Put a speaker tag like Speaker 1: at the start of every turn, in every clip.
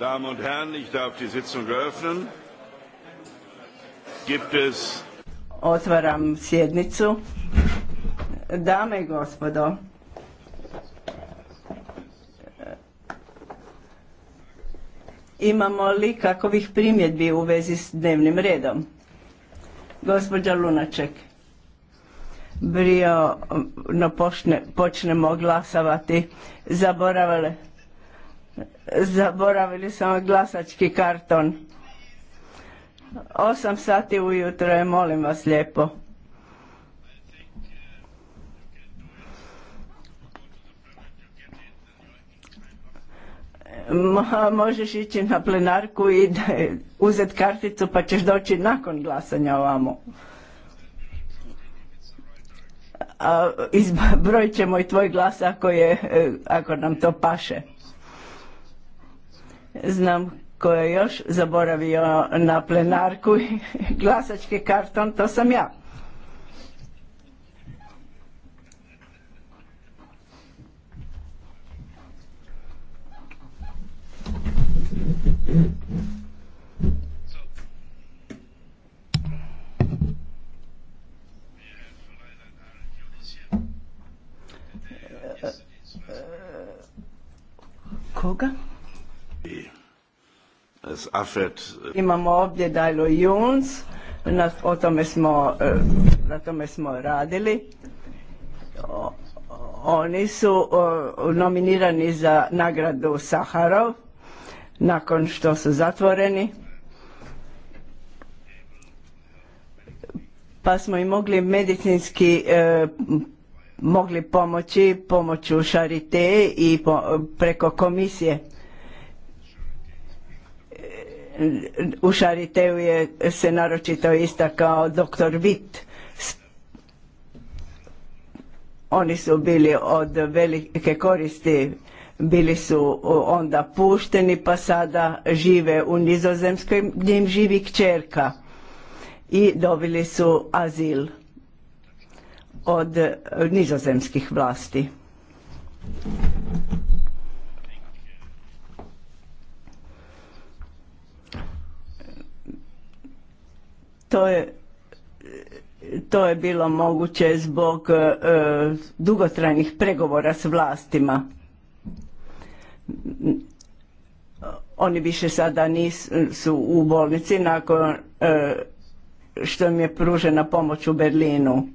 Speaker 1: Damen und Herren, ich darf die Sitzung eröffnen. Otvaram sjednicu. Dame i gospodo, imamo li kakovih primjedbi u vezi s dnevnim redom? Gospođa Lunaček, brio no počnemo glasavati, zaboravale Zaboravili sam ovaj glasački karton. Osam sati ujutro je, molim vas lijepo. možeš ići na plenarku i uzeti karticu pa ćeš doći nakon glasanja ovamo. A izbrojit ćemo i tvoj glas ako, je, eh, ako nam to paše. Znam ko je još zaboravio na plenarku glasački karton, to sam ja. Koga? Uh, Imamo ovdje Dajlo Juns, e, na, tome smo, radili. oni su nominirani za nagradu Saharov nakon što su zatvoreni. Pa smo i mogli medicinski e, mogli pomoći pomoću Šarite i preko komisije u Šariteju je se naročito istakao doktor Vit. Oni su bili od velike koristi, bili su onda pušteni pa sada žive u Nizozemskoj gdje im živi kćerka i dobili su azil od nizozemskih vlasti. To je, to je bilo moguće zbog e, dugotrajnih pregovora s vlastima. Oni više sada nisu u bolnici nakon e, što im je pružena pomoć u Berlinu.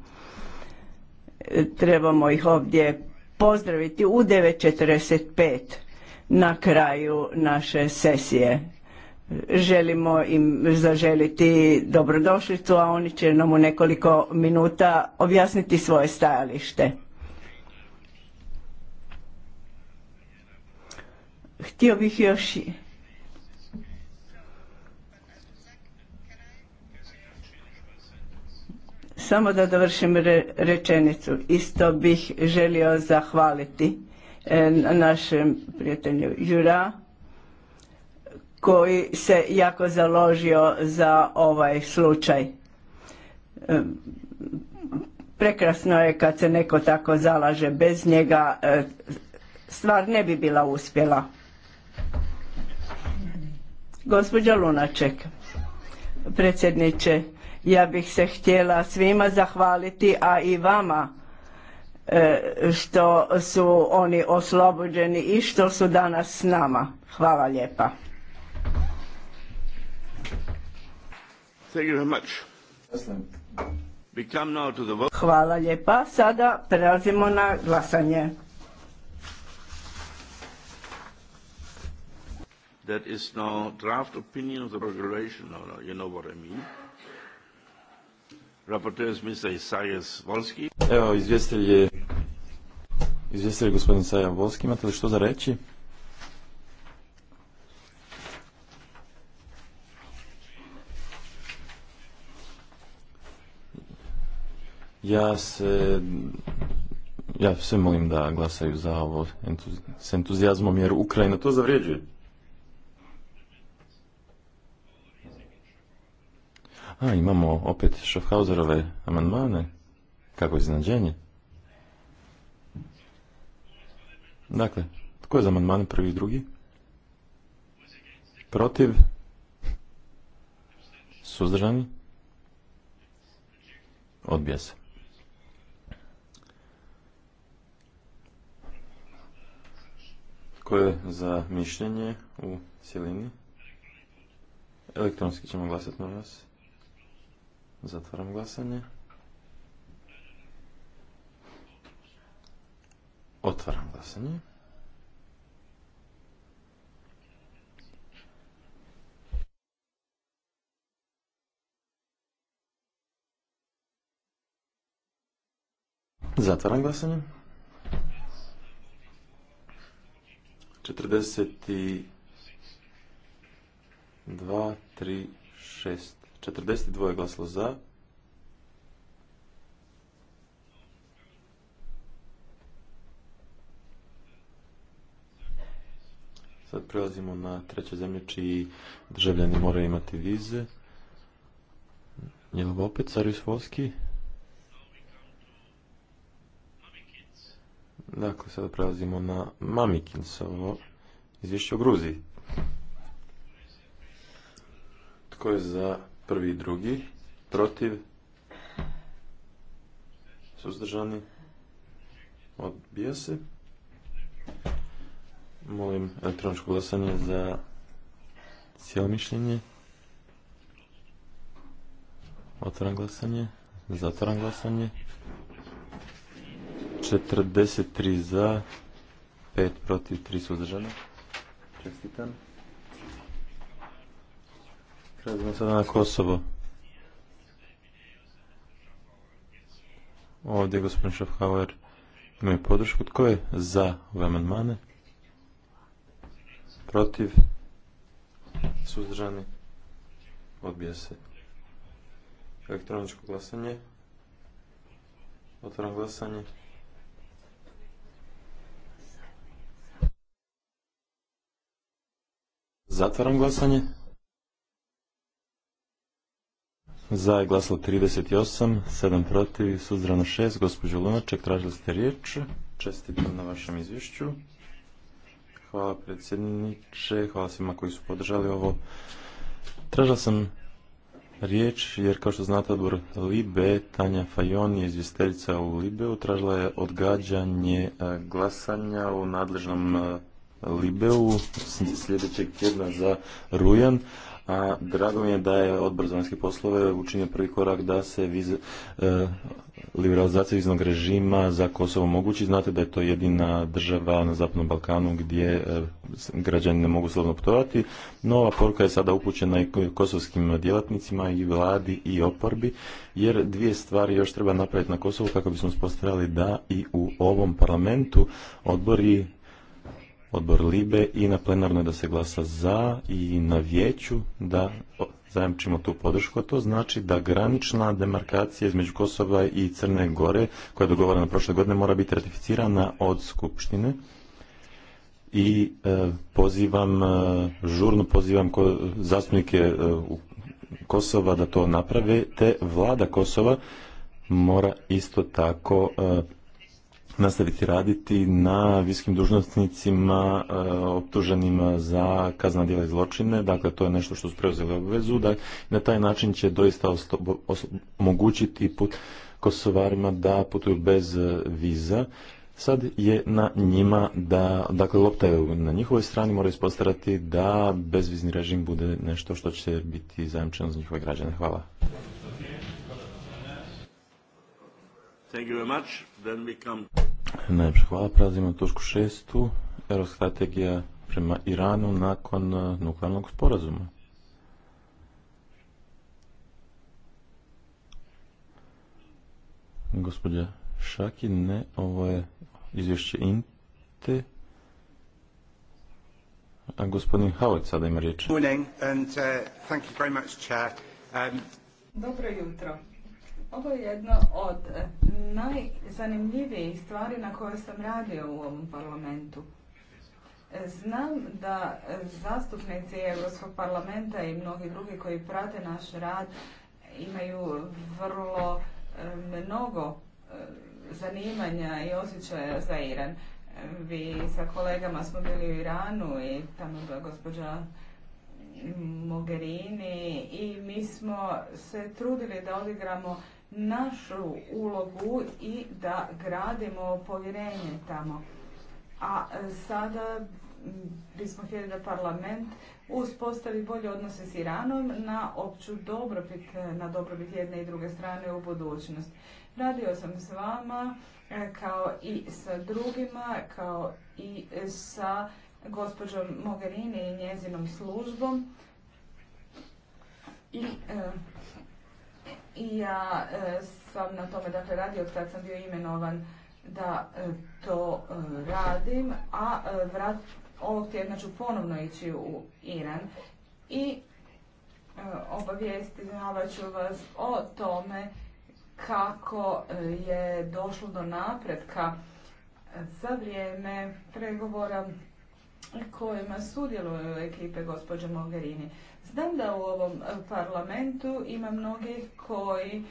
Speaker 1: E, trebamo ih ovdje pozdraviti u 9.45 na kraju naše sesije želimo im zaželiti dobrodošlicu, a oni će nam u nekoliko minuta objasniti svoje stajalište. Htio bih još... Samo da dovršim rečenicu. Isto bih želio zahvaliti e, našem prijatelju Jura koji se jako založio za ovaj slučaj. E, prekrasno je kad se neko tako zalaže, bez njega e, stvar ne bi bila uspjela. Gospođa Lunaček, predsjedniče, ja bih se htjela svima zahvaliti, a i vama e, što su oni oslobođeni i što su danas s nama. Hvala lijepa. Hvala lijepa. Sada prelazimo na glasanje. That is now draft opinion of the regulation. I mean. is
Speaker 2: Evo, izvjestelj je, je gospodin Sajan Volski. Imate li što za reći? Ja se ja sve molim da glasaju za ovo s entuzijazmom jer Ukrajina to zavrijeđuje. A, imamo opet Schaffhauserove amandmane. Kako je iznadženje? Dakle, tko je za amandmane prvi i drugi? Protiv? Suzdržani? Odbija se. koje je za mišljenje u Silini? Elektronski ćemo glasati, na vas. Zatvaram glasanje. Otvaram glasanje. Zatvaram glasanje. 42, 3, 6. je glasilo za. Sad prelazimo na treće zemlje čiji državljani moraju imati vize. Je opet Sarijus Dakle, sada prelazimo na Mamikinsovo izvješće o Gruziji. Tko je za prvi i drugi? Protiv? Suzdržani? Odbija se. Molim elektroničko glasanje za cijelo mišljenje. Otvaram glasanje. Zatvaram glasanje. 43 za, 5 protiv, 3 suzdržana. Čestitam. Prelazimo sada na Kosovo. Ovdje je gospodin Šafhauer imaju podršku. Tko je za ove amandmane? Protiv? Suzdržani? Odbija se. Elektroničko glasanje. Otvaram glasanje. Zatvaram glasanje. Za je glasalo 38, 7 protiv, suzdrano 6. Gospođo Lunaček, tražili ste riječ. Čestitam na vašem izvješću. Hvala predsjedniče, hvala svima koji su podržali ovo. Tražila sam riječ, jer kao što znate odbor Libe, Tanja Fajon je izvjestiteljica u Libeu, tražila je odgađanje e, glasanja u nadležnom e, Libeu sljedećeg tjedna za Rujan a drago mi je da je odbor za vanjske poslove učinio prvi korak da se viz, e, liberalizacija viznog režima za Kosovo mogući. Znate da je to jedina država na Zapadnom Balkanu gdje e, građani ne mogu slobodno putovati. Nova poruka je sada upućena i kosovskim djelatnicima i vladi i oporbi, jer dvije stvari još treba napraviti na Kosovu kako bismo spostavili da i u ovom parlamentu odbori odbor Libe i na plenarnoj da se glasa za i na vijeću da zajamčimo tu podršku, a to znači da granična demarkacija između Kosova i Crne Gore, koja je dogovorena prošle godine, mora biti ratificirana od Skupštine i e, pozivam, e, žurno pozivam zastupnike e, Kosova da to naprave, te vlada Kosova mora isto tako nastaviti raditi na viskim dužnostnicima e, optuženima za kazna djela i zločine. Dakle, to je nešto što su preuzeli obvezu. Da na taj način će doista omogućiti put kosovarima da putuju bez e, viza. Sad je na njima da, dakle lopta na njihovoj strani, moraju ispostarati da bezvizni režim bude nešto što će biti zajamčeno za njihove građane. Hvala.
Speaker 1: Thank you very much. Then we come...
Speaker 2: Najprej hvala, prelazimo na točku šestu. Eurostrategija prema Iranu nakon eh, nuklearnog sporazuma. Gospodja Šaki, ne, ovo je izvješće INTE. A gospodin Howard sada ima riječ.
Speaker 1: Morning eh, um,
Speaker 3: Dobro jutro. Ovo je jedno od e, najzanimljivijih stvari na kojoj sam radio u ovom parlamentu. E, znam da zastupnici Europskog parlamenta i mnogi drugi koji prate naš rad imaju vrlo e, mnogo zanimanja i osjećaja za Iran. Vi sa kolegama smo bili u Iranu i tamo je gospođa Mogherini i mi smo se trudili da odigramo našu ulogu i da gradimo povjerenje tamo. A e, sada bismo htjeli da parlament uspostavi bolje odnose s Iranom na opću dobrobit, na dobrobit jedne i druge strane u budućnost. Radio sam s vama e, kao i sa drugima, kao i sa gospođom Mogherini i njezinom službom i e, i ja e, sam na tome dakle, radio od kad sam bio imenovan da e, to e, radim, a vrat, ovog tjedna ću ponovno ići u Iran i obavijesti, ću vas o tome kako je došlo do napretka za vrijeme pregovora kojima sudjeluju ekipe gospođe Mogherini. Znam da u ovom e, parlamentu ima mnogih koji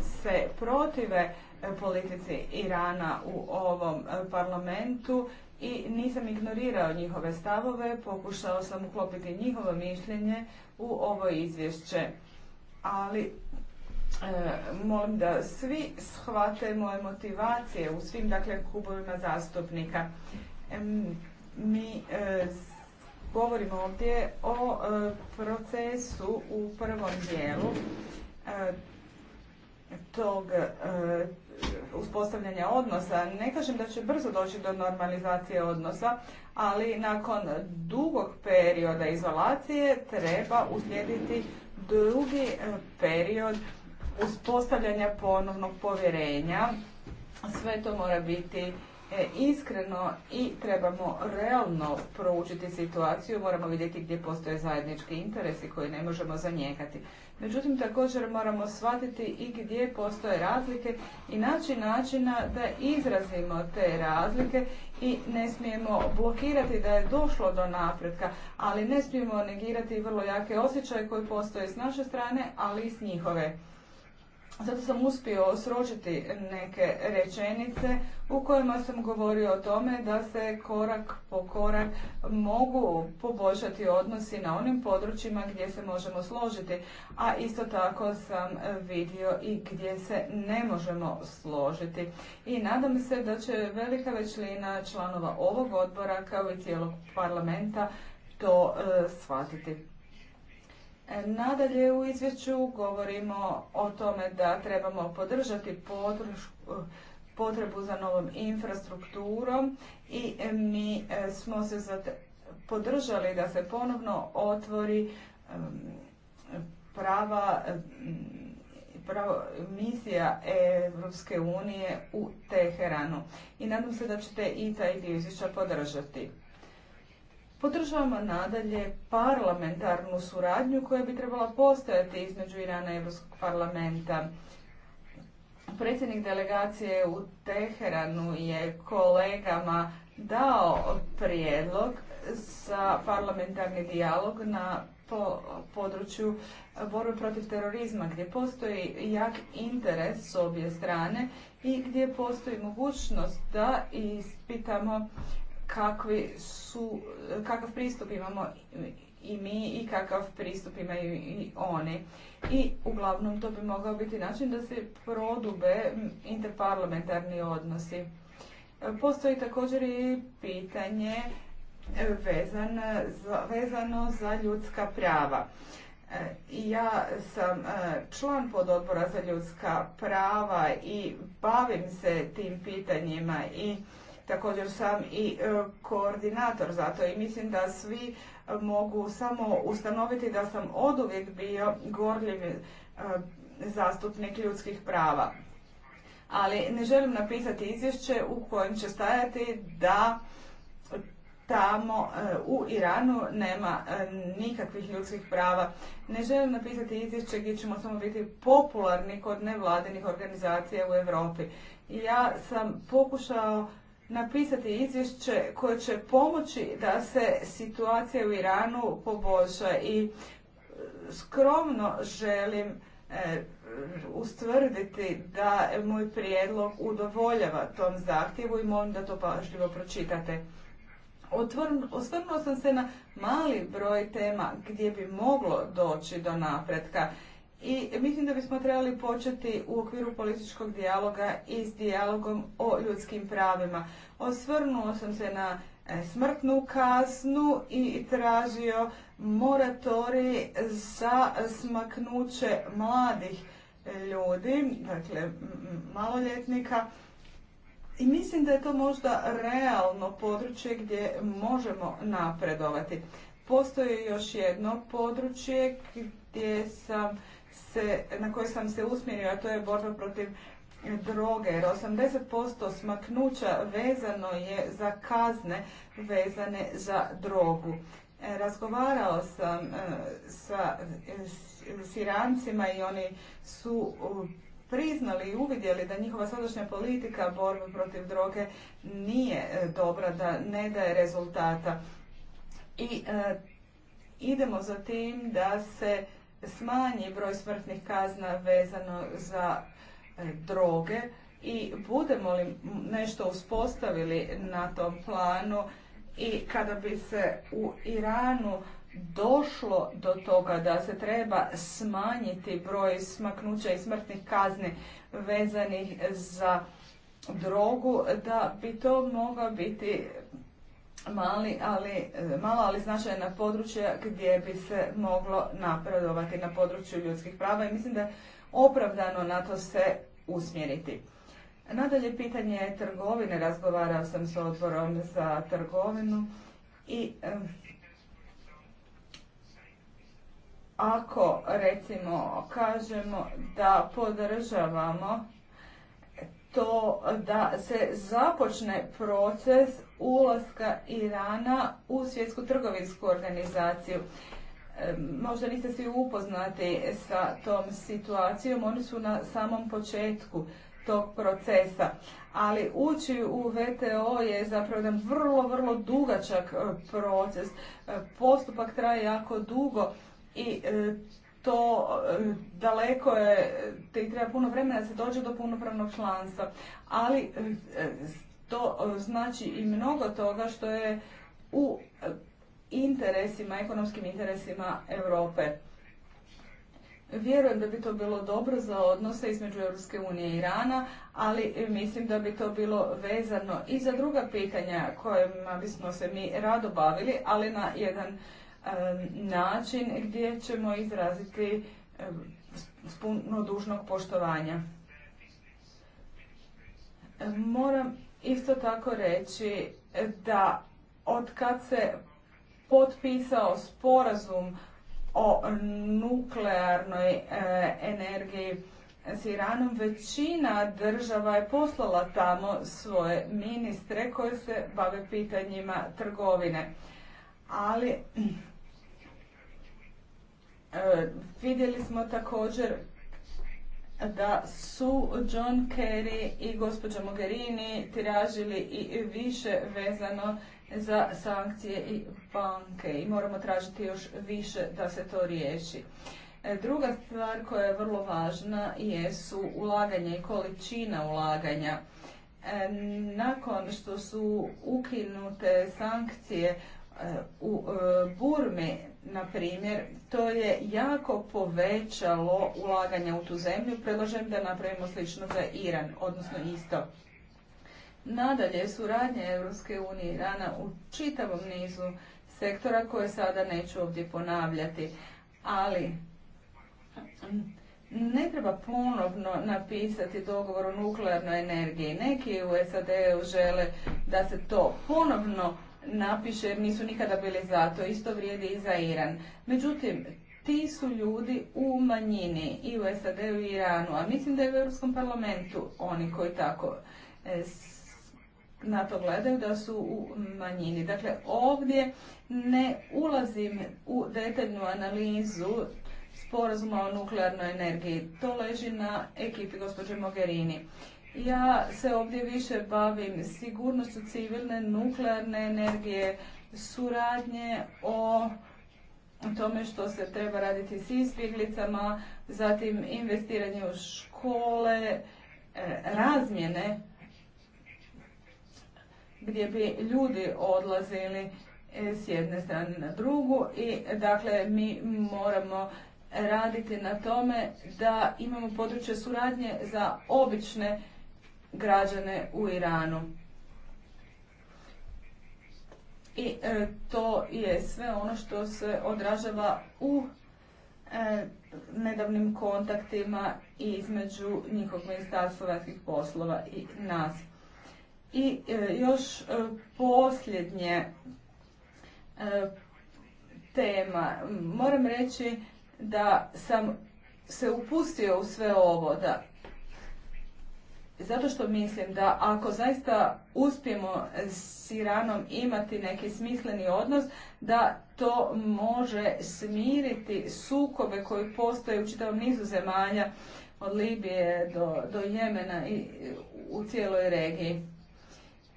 Speaker 3: se protive e, politici Irana u ovom e, parlamentu i nisam ignorirao njihove stavove, pokušao sam uklopiti njihovo mišljenje u ovo izvješće. Ali molim da svi shvate moje motivacije u svim dakle klubovima zastupnika. mi govorimo ovdje o e, procesu u prvom dijelu e, tog e, uspostavljanja odnosa. Ne kažem da će brzo doći do normalizacije odnosa, ali nakon dugog perioda izolacije treba uslijediti drugi period uspostavljanja ponovnog povjerenja. Sve to mora biti E, iskreno i trebamo realno proučiti situaciju, moramo vidjeti gdje postoje zajednički interesi koji ne možemo zanijekati. Međutim, također moramo shvatiti i gdje postoje razlike i naći načina da izrazimo te razlike i ne smijemo blokirati da je došlo do napretka, ali ne smijemo negirati vrlo jake osjećaje koji postoje s naše strane, ali i s njihove. Zato sam uspio sročiti neke rečenice u kojima sam govorio o tome da se korak po korak mogu poboljšati odnosi na onim područjima gdje se možemo složiti, a isto tako sam vidio i gdje se ne možemo složiti. I nadam se da će velika većina članova ovog odbora kao i cijelog parlamenta to e, shvatiti. Nadalje u izvješću govorimo o tome da trebamo podržati potrebu za novom infrastrukturom i mi e, smo se podržali da se ponovno otvori prava, misija Europske unije u Teheranu. I nadam se da ćete i taj dio izvješća podržati. Podržavamo nadalje parlamentarnu suradnju koja bi trebala postojati između Irana i Europskog parlamenta. Predsjednik delegacije u Teheranu je kolegama dao prijedlog za parlamentarni dijalog na po području borbe protiv terorizma gdje postoji jak interes s obje strane i gdje postoji mogućnost da ispitamo kakvi su, kakav pristup imamo i mi i kakav pristup imaju i oni. I uglavnom to bi mogao biti način da se prodube interparlamentarni odnosi. Postoji također i pitanje vezano za ljudska prava. Ja sam e, član pododbora za ljudska prava i bavim se tim pitanjima i Također sam i e, koordinator zato i mislim da svi e, mogu samo ustanoviti da sam uvijek bio gorljiv e, zastupnik ljudskih prava. Ali ne želim napisati izvješće u kojem će stajati da tamo u Iranu nema nikakvih ljudskih prava. Ne želim napisati izvješće gdje ćemo samo biti popularni kod nevladinih organizacija u Europi. Ja sam pokušao napisati izvješće koje će pomoći da se situacija u Iranu poboljša i e, skromno želim e, ustvrditi da moj prijedlog udovoljava tom zahtjevu i molim da to pažljivo pročitate. Osvrnuo sam se na mali broj tema gdje bi moglo doći do napretka i mislim da bismo trebali početi u okviru političkog dijaloga i s dijalogom o ljudskim pravima. Osvrnuo sam se na e, smrtnu kasnu i tražio moratorij za smaknuće mladih ljudi, dakle maloljetnika. I mislim da je to možda realno područje gdje možemo napredovati. Postoji još jedno područje gdje sam se, na koje sam se usmjerio, a to je borba protiv droge, jer 80% smaknuća vezano je za kazne vezane za drogu. E, razgovarao sam e, sa e, Sirancima i oni su priznali i uvidjeli da njihova sadašnja politika borbe protiv droge nije dobra, da ne daje rezultata. I idemo za tim da se smanji broj smrtnih kazna vezano za e, droge i budemo li nešto uspostavili na tom planu i kada bi se u Iranu došlo do toga da se treba smanjiti broj smaknuća i smrtnih kazni vezanih za drogu, da bi to mogao biti mali, ali, e, malo ali značajna područja gdje bi se moglo napredovati na području ljudskih prava i mislim da je opravdano na to se usmjeriti. Nadalje pitanje je trgovine, razgovarao sam s odborom za trgovinu i e, ako recimo kažemo da podržavamo to da se započne proces ulaska Irana u svjetsku trgovinsku organizaciju. E, možda niste svi upoznati sa tom situacijom, oni su na samom početku tog procesa. Ali ući u VTO je zapravo jedan vrlo, vrlo dugačak e, proces. E, postupak traje jako dugo i to daleko je, te treba puno vremena da se dođe do punopravnog članstva. Ali to e, znači i mnogo toga što je u e, interesima, ekonomskim interesima Europe. Vjerujem da bi to bilo dobro za odnose između Europske unije i Irana, ali mislim da bi to bilo vezano i za druga pitanja kojima bismo se mi rado bavili, ali na jedan e, način gdje ćemo izraziti s puno dužnog poštovanja. Moram isto tako reći da od kad se potpisao sporazum o nuklearnoj e, energiji s Iranom, većina država je poslala tamo svoje ministre koje se bave pitanjima trgovine. Ali e, vidjeli smo također da su John Kerry i gospođa Mogherini tražili i više vezano za sankcije i banke i moramo tražiti još više da se to riješi. E, druga stvar koja je vrlo važna jesu ulaganja i količina ulaganja. E, nakon što su ukinute sankcije e, u Burmi, na primjer, to je jako povećalo ulaganja u tu zemlju. Predlažem da napravimo slično za Iran, odnosno isto. Nadalje, suradnja Europske unije i Irana u čitavom nizu sektora koje sada neću ovdje ponavljati, ali ne treba ponovno napisati dogovor o nuklearnoj energiji. Neki u SAD-u žele da se to ponovno napiše jer nisu nikada bili za to. Isto vrijedi i za Iran. Međutim, ti su ljudi u manjini i u SAD-u Iranu, a mislim da je u Europskom parlamentu oni koji tako e, na to gledaju da su u manjini. Dakle, ovdje ne ulazim u detaljnu analizu sporazuma o nuklearnoj energiji. To leži na ekipi gospođe Mogherini. Ja se ovdje više bavim sigurnošću civilne nuklearne energije, suradnje o tome što se treba raditi s izbjeglicama, zatim investiranje u škole, e, razmjene gdje bi ljudi odlazili e, s jedne strane na drugu i dakle mi moramo raditi na tome da imamo područje suradnje za obične građane u Iranu. I e, to je sve ono što se odražava u e, nedavnim kontaktima između njihovog ministarstva vanjskih poslova i nas. I e, još posljednje tema. Moram reći da sam se upustio u sve ovo, da zato što mislim da ako zaista uspijemo s Iranom imati neki smisleni odnos, da to može smiriti sukobe koji postoje u čitavom nizu zemalja od Libije do, do Jemena i u cijeloj regiji.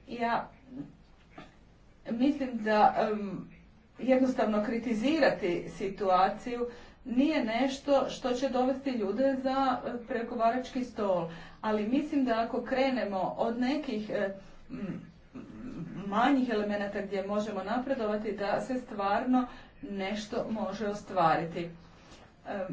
Speaker 3: Ja mislim da jednostavno kritizirati situaciju nije nešto što će dovesti ljude za e, pregovarački stol ali mislim da ako krenemo od nekih e, manjih elemenata gdje možemo napredovati, da se stvarno nešto može ostvariti. E,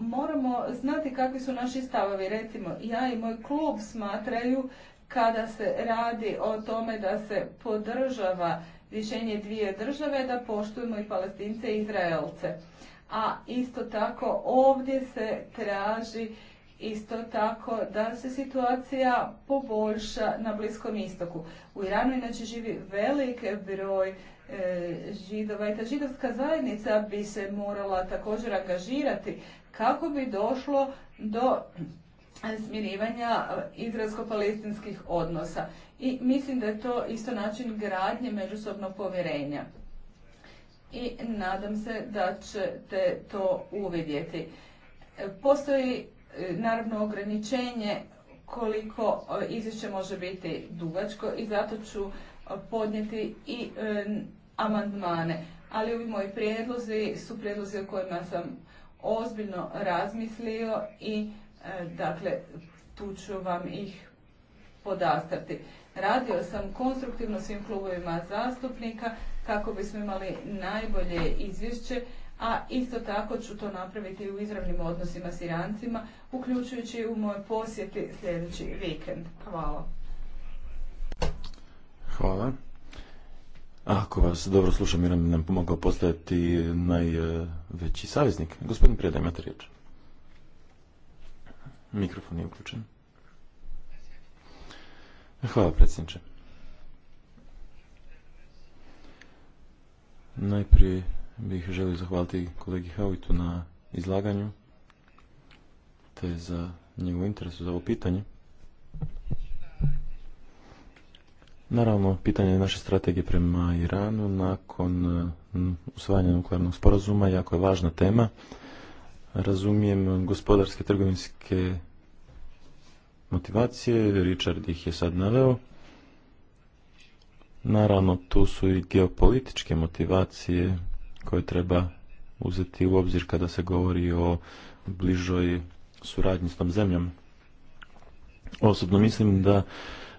Speaker 3: moramo znati kakvi su naši stavovi. Recimo, ja i moj klub smatraju kada se radi o tome da se podržava rješenje dvije države, da poštujemo i palestince i izraelce a isto tako ovdje se traži isto tako da se situacija poboljša na Bliskom istoku. U Iranu inače živi velik broj e, židova i ta židovska zajednica bi se morala također angažirati kako bi došlo do smirivanja izraelsko-palestinskih odnosa. I mislim da je to isto način gradnje međusobnog povjerenja i nadam se da ćete to uvidjeti. Postoji e, naravno ograničenje koliko e, izvješće može biti dugačko i zato ću podnijeti i e, amandmane. Ali ovi moji prijedlozi su prijedlozi o kojima sam ozbiljno razmislio i dakle tu ću vam ih podastrati. Radio sam konstruktivno svim klubovima zastupnika, kako bismo imali najbolje izvješće, a isto tako ću to napraviti u izravnim odnosima s Irancima, uključujući u moje posjeti sljedeći vikend.
Speaker 2: Hvala. Hvala. Ako vas dobro slušam, Miran nam pomogao postaviti najveći saveznik. Gospodin Prijeda, imate riječ. Mikrofon je uključen. Hvala, predsjedniče. Najprije bih želio zahvaliti kolegi Havitu na izlaganju te za njegov interesu za ovo pitanje. Naravno, pitanje je naše strategije prema Iranu nakon usvajanja nuklearnog sporazuma jako je važna tema. Razumijem gospodarske, trgovinske motivacije, Richard ih je sad naveo. Naravno, tu su i geopolitičke motivacije koje treba uzeti u obzir kada se govori o bližoj suradnji s tom zemljom. Osobno mislim da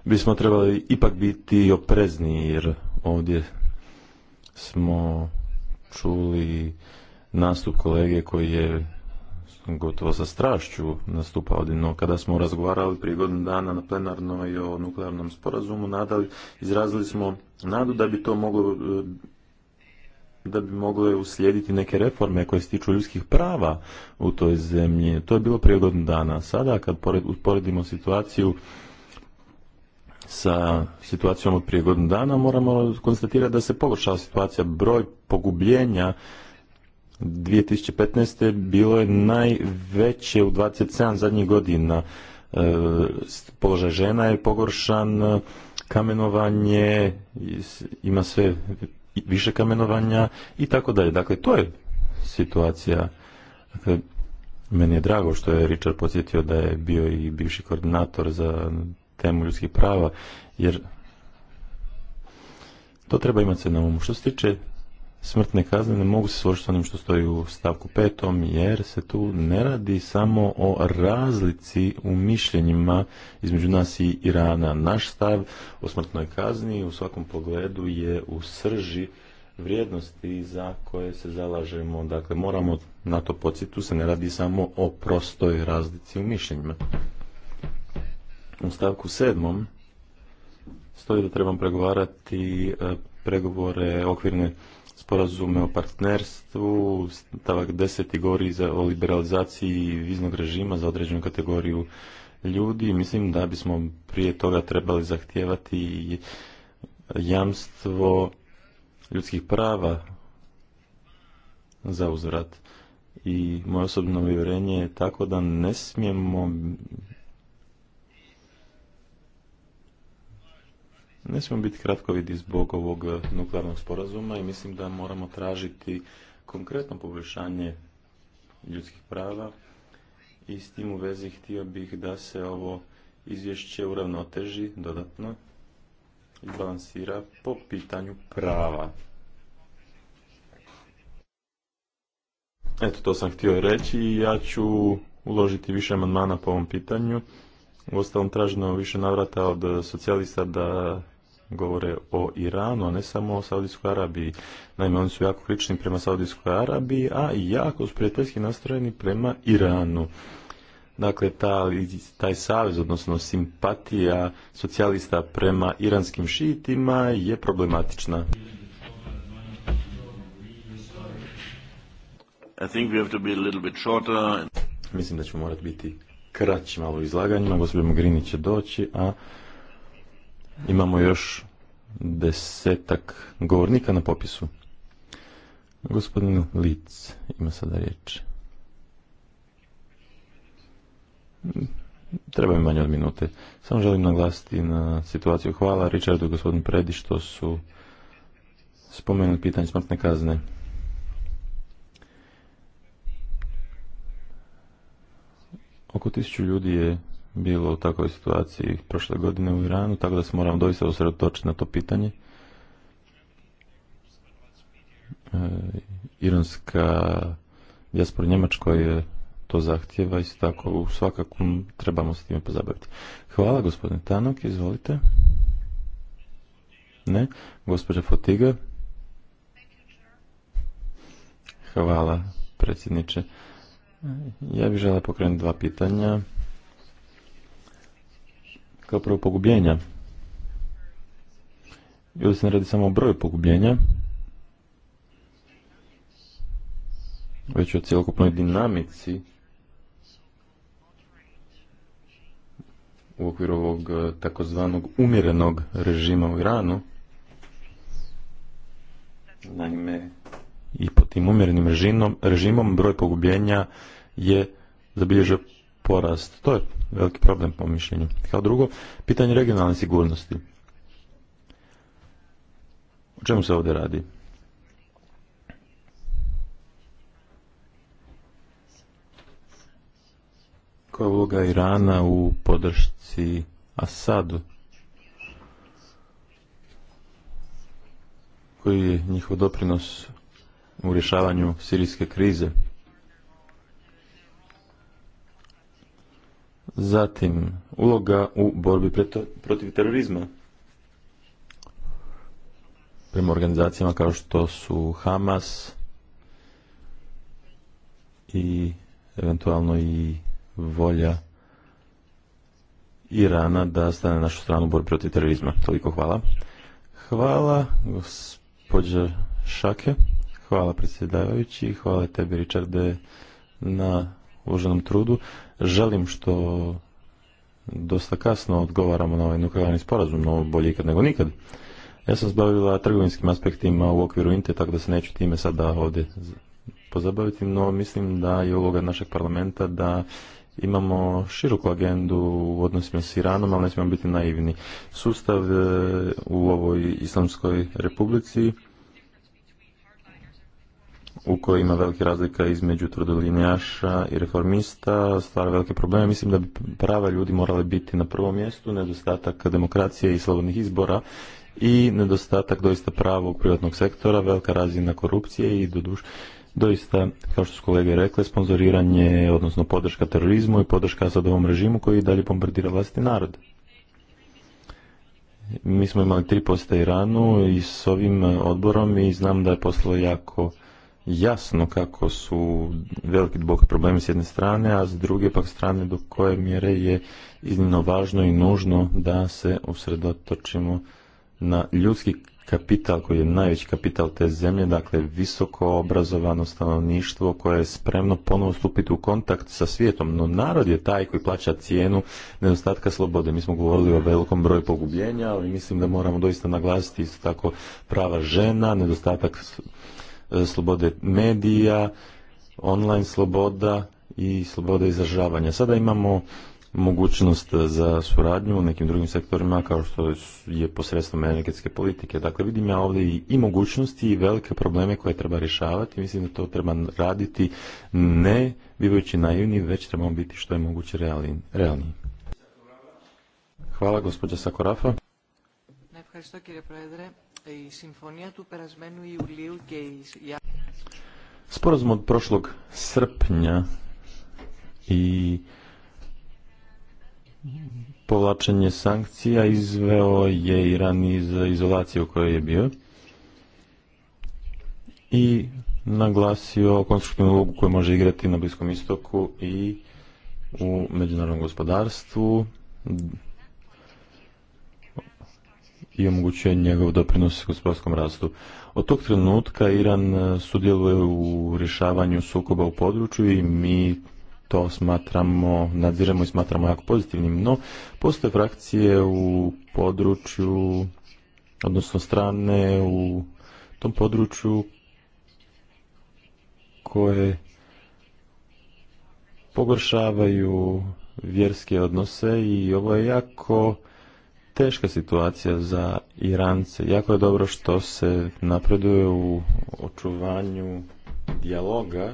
Speaker 2: bismo trebali ipak biti oprezniji jer ovdje smo čuli nastup kolege koji je gotovo sa strašću nastupa ovdje, kada smo razgovarali prije godinu dana na plenarnoj o nuklearnom sporazumu, nadali, izrazili smo nadu da bi to moglo e, da bi mogle uslijediti neke reforme koje se tiču ljudskih prava u toj zemlji. To je bilo prije godinu dana. Sada kad usporedimo situaciju sa situacijom od prije godinu dana, moramo konstatirati da se pogoršala situacija. Broj pogubljenja 2015. bilo je najveće u 27 zadnjih godina. E, položaj žena je pogoršan, kamenovanje, ima sve više kamenovanja i tako dalje. Dakle, to je situacija. Dakle, meni je drago što je Richard podsjetio da je bio i bivši koordinator za temu ljudskih prava, jer to treba imati se na umu. Što se tiče smrtne kazne ne mogu se složiti s onim što stoji u stavku petom, jer se tu ne radi samo o razlici u mišljenjima između nas i Irana. Naš stav o smrtnoj kazni u svakom pogledu je u srži vrijednosti za koje se zalažemo. Dakle, moramo na to Tu se ne radi samo o prostoj razlici u mišljenjima. U stavku sedmom stoji da trebam pregovarati e, pregovore okvirne sporazume o partnerstvu, stavak 10. govori za, o liberalizaciji viznog režima za određenu kategoriju ljudi. Mislim da bismo prije toga trebali zahtijevati jamstvo ljudskih prava za uzvrat. I moje osobno uvjerenje je tako da ne smijemo Ne smijemo biti kratkovidni zbog ovog eh, nuklearnog sporazuma i mislim da moramo tražiti konkretno poboljšanje ljudskih prava i s tim u vezi htio bih da se ovo izvješće uravnoteži dodatno i balansira po pitanju prava. Eto, to sam htio reći i ja ću uložiti više amandmana po ovom pitanju. Uostalom traženo više navrata od socijalista da govore o Iranu, a ne samo o Saudijskoj Arabiji. Naime, oni su jako kritični prema Saudijskoj Arabiji, a jako su prijateljski nastrojeni prema Iranu. Dakle, ta, taj savez, odnosno simpatija socijalista prema iranskim šitima je problematična. I think we have to be a little bit shorter. Mislim da ćemo morati biti kraći malo izlaganjima. Gospodin Mogrini će doći, a Imamo još desetak govornika na popisu. Gospodin Lic ima sada riječ. Treba mi manje od minute. Samo želim naglasiti na situaciju. Hvala Richardu i gospodinu Predi što su spomenuli pitanje smrtne kazne. Oko tisuću ljudi je bilo u takvoj situaciji prošle godine u Iranu, tako da se moramo doista usredotočiti na to pitanje. Iranska e, iranska dijaspora Njemačkoj to zahtjeva i tako u svakako trebamo se time pozabaviti. Hvala gospodine Tanok, izvolite. Ne, gospođa Fotiga. Hvala predsjedniče. Ja bih žela pokrenuti dva pitanja kao prvo pogubljenja. I se ne radi samo o broju pogubljenja, već o cjelokupnoj dinamici u okviru ovog e, takozvanog umjerenog režima u Iranu. Naime, i po tim umjerenim režimom, režimom broj pogubljenja je zabilježio porast. To je veliki problem po mišljenju. Kao drugo, pitanje regionalne sigurnosti. O čemu se ovdje radi? Koja je uloga Irana u podršci Asadu? Koji je njihov doprinos u rješavanju sirijske krize? Zatim, uloga u borbi protiv terorizma. Prema organizacijama kao što su Hamas i eventualno i volja Irana da stane na našu stranu u borbi protiv terorizma. Toliko hvala. Hvala, gospođa Šake. Hvala predsjedavajući. Hvala tebi, Richarde, na uloženom trudu želim što dosta kasno odgovaramo na ovaj nuklearni sporazum, no bolje ikad nego nikad. Ja sam zbavila trgovinskim aspektima u okviru INTE, tako da se neću time sada ovdje pozabaviti, no mislim da je uloga našeg parlamenta da imamo široku agendu u odnosima s Iranom, ali ne smijemo biti naivni. Sustav e, u ovoj Islamskoj republici u kojoj ima velike razlika između trdolinjaša i reformista, stvara velike probleme. Mislim da bi prava ljudi morale biti na prvom mjestu, nedostatak demokracije i slobodnih izbora i nedostatak doista pravog privatnog sektora, velika razina korupcije i doduš doista, kao što su kolege rekle, sponzoriranje, odnosno podrška terorizmu i podrška sad ovom režimu koji dalje bombardira vlasti narod. Mi smo imali tri posta Iranu i s ovim odborom i znam da je poslo jako jasno kako su veliki dvog problemi s jedne strane, a s druge pak strane do koje mjere je iznimno važno i nužno da se usredotočimo na ljudski kapital koji je najveći kapital te zemlje, dakle visoko obrazovano stanovništvo koje je spremno ponovo stupiti u kontakt sa svijetom, no narod je taj koji plaća cijenu nedostatka slobode. Mi smo govorili o velikom broju pogubljenja, ali mislim da moramo doista naglasiti isto tako prava žena, nedostatak E, slobode medija, online sloboda i sloboda izražavanja. Sada imamo mogućnost za suradnju u nekim drugim sektorima kao što je posredstvom energetske politike. Dakle, vidim ja ovdje i mogućnosti i velike probleme koje treba rješavati. Mislim da to treba raditi ne bivajući naivni, već trebamo biti što je moguće realniji. Hvala, gospođa Sakorafa.
Speaker 3: I simfonija tu i...
Speaker 2: Sporazum od prošlog srpnja i povlačenje sankcija izveo je Iran iz izolacije u kojoj je bio i naglasio konstruktivnu ulogu koju može igrati na Bliskom istoku i u međunarodnom gospodarstvu i omogućuje njegov doprinos gospodarskom rastu. Od tog trenutka Iran e, sudjeluje u rješavanju sukoba u području i mi to smatramo, nadziremo i smatramo jako pozitivnim, no postoje frakcije u području, odnosno strane u tom području koje pogoršavaju vjerske odnose i ovo je jako teška situacija za Irance. Jako je dobro što se napreduje u očuvanju dijaloga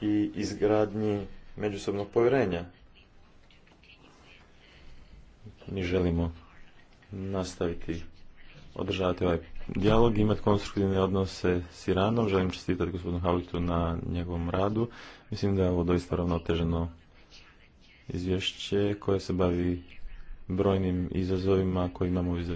Speaker 2: i izgradnji međusobnog povjerenja. Mi želimo nastaviti održavati ovaj dijalog, imati konstruktivne odnose s Iranom. Želim čestitati gospodinu Havitu na njegovom radu. Mislim da je ovo doista ravnoteženo izvješće koje se bavi brojnim izazovima koje imamo iz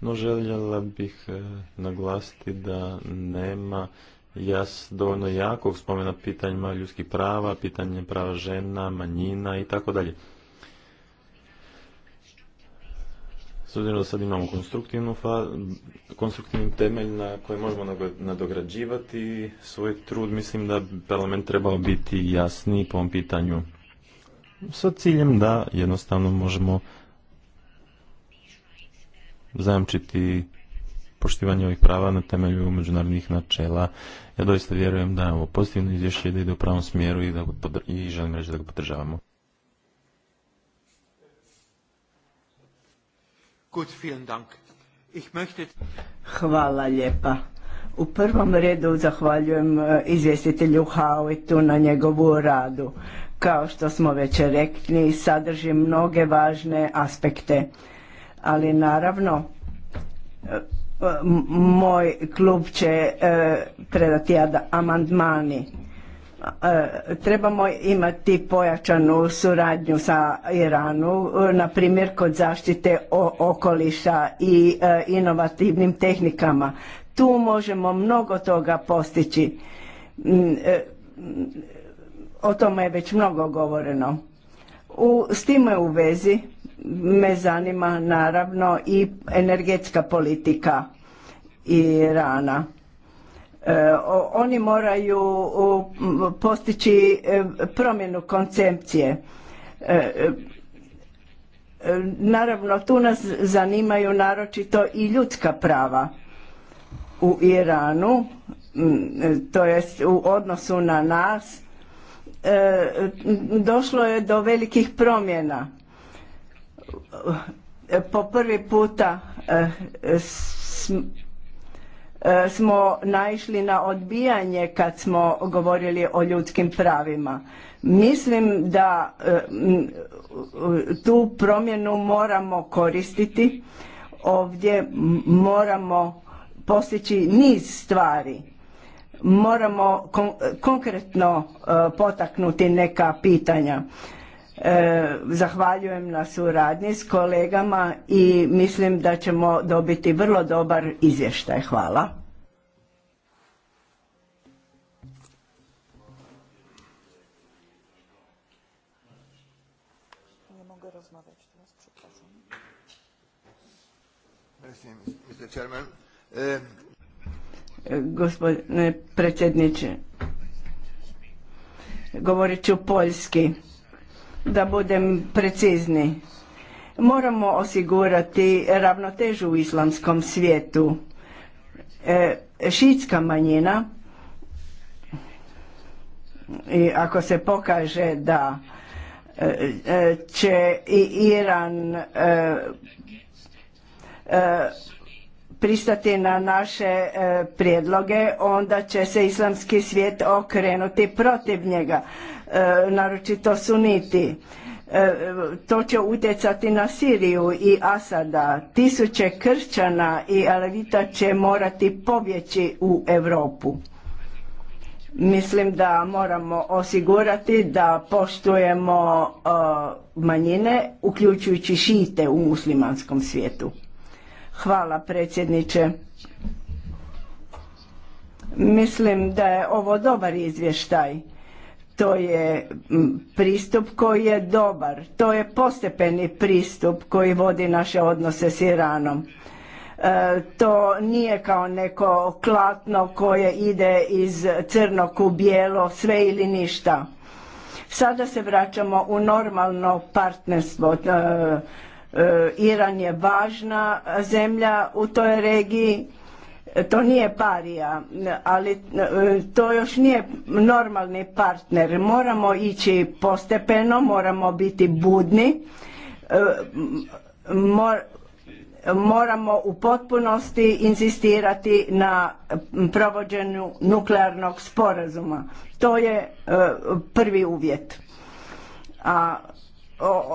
Speaker 2: no željela bih e, naglasiti da nema jas dovoljno jakog spomena pitanjima ljudskih prava, pitanje prava žena, manjina i tako dalje. S obzirom da sad imamo konstruktivnu konstruktivni temelj na koji možemo nadograđivati svoj trud, mislim da parlament trebao biti jasniji po ovom pitanju sa ciljem da jednostavno možemo zajamčiti poštivanje ovih prava na temelju međunarodnih načela. Ja doista vjerujem da je ovo pozitivno izvješće da ide u pravom smjeru i, da želim reći da ga podržavamo.
Speaker 1: Hvala lijepa. U prvom redu zahvaljujem e, izvjestitelju Hauitu na njegovu radu. Kao što smo već rekli, sadrži mnoge važne aspekte, ali naravno e, moj klub će e, predati amandmani. E, trebamo imati pojačanu suradnju sa Iranu, na primjer kod zaštite okoliša i inovativnim tehnikama. Tu možemo mnogo toga postići o tome je već mnogo govoreno. U, s time u vezi me zanima naravno i energetska politika Irana. E, oni moraju postići e, promjenu koncepcije. E, naravno, tu nas zanimaju naročito i ljudska prava u Iranu, to jest u odnosu na nas, E, došlo je do velikih promjena. E, po prvi puta e, smo naišli na odbijanje kad smo govorili o ljudskim pravima. Mislim da tu promjenu moramo koristiti. Ovdje moramo postići niz stvari moramo konkretno e, potaknuti neka pitanja. E, zahvaljujem na suradnji s kolegama i mislim da ćemo dobiti vrlo dobar izvještaj. Hvala. Ne gospodine predsjedniče. Govorit ću poljski, da budem precizni. Moramo osigurati ravnotežu u islamskom svijetu. E, šitska manjina, i ako se pokaže da e, e, će i Iran e, pristati na naše e, prijedloge, onda će se islamski svijet okrenuti protiv njega, e, naročito suniti. E, to će utjecati na Siriju i Asada. Tisuće kršćana i alevita će morati pobjeći u Europu. Mislim da moramo osigurati da poštujemo manjine, uključujući šite u muslimanskom svijetu. Hvala predsjedniče. Mislim da je ovo dobar izvještaj. To je pristup koji je dobar. To je postepeni pristup koji vodi naše odnose s Iranom. E, to nije kao neko klatno koje ide iz crnog u bijelo, sve ili ništa. Sada se vraćamo u normalno partnerstvo. E, E, Iran je važna zemlja u toj regiji, e, to nije parija, ali e, to još nije normalni partner. Moramo ići postepeno, moramo biti budni, moramo u potpunosti inzistirati na provođenju nuklearnog sporazuma. To je prvi uvjet. A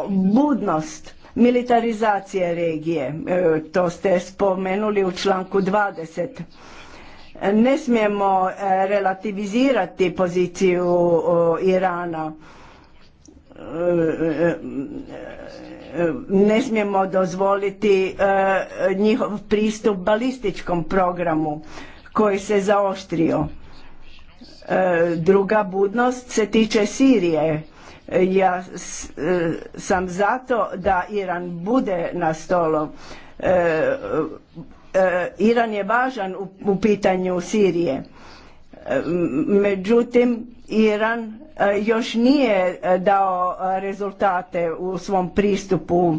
Speaker 1: budnost militarizacije regije. E, to ste spomenuli u članku 20. Ne smijemo e, relativizirati poziciju Irana. E, ne smijemo dozvoliti njihov pristup balističkom programu koji se zaoštrio. Druga budnost se tiče Sirije ja e, sam zato da Iran bude na stolu. E, e, Iran je važan u pitanju Sirije. Međutim, Iran još nije dao rezultate u svom pristupu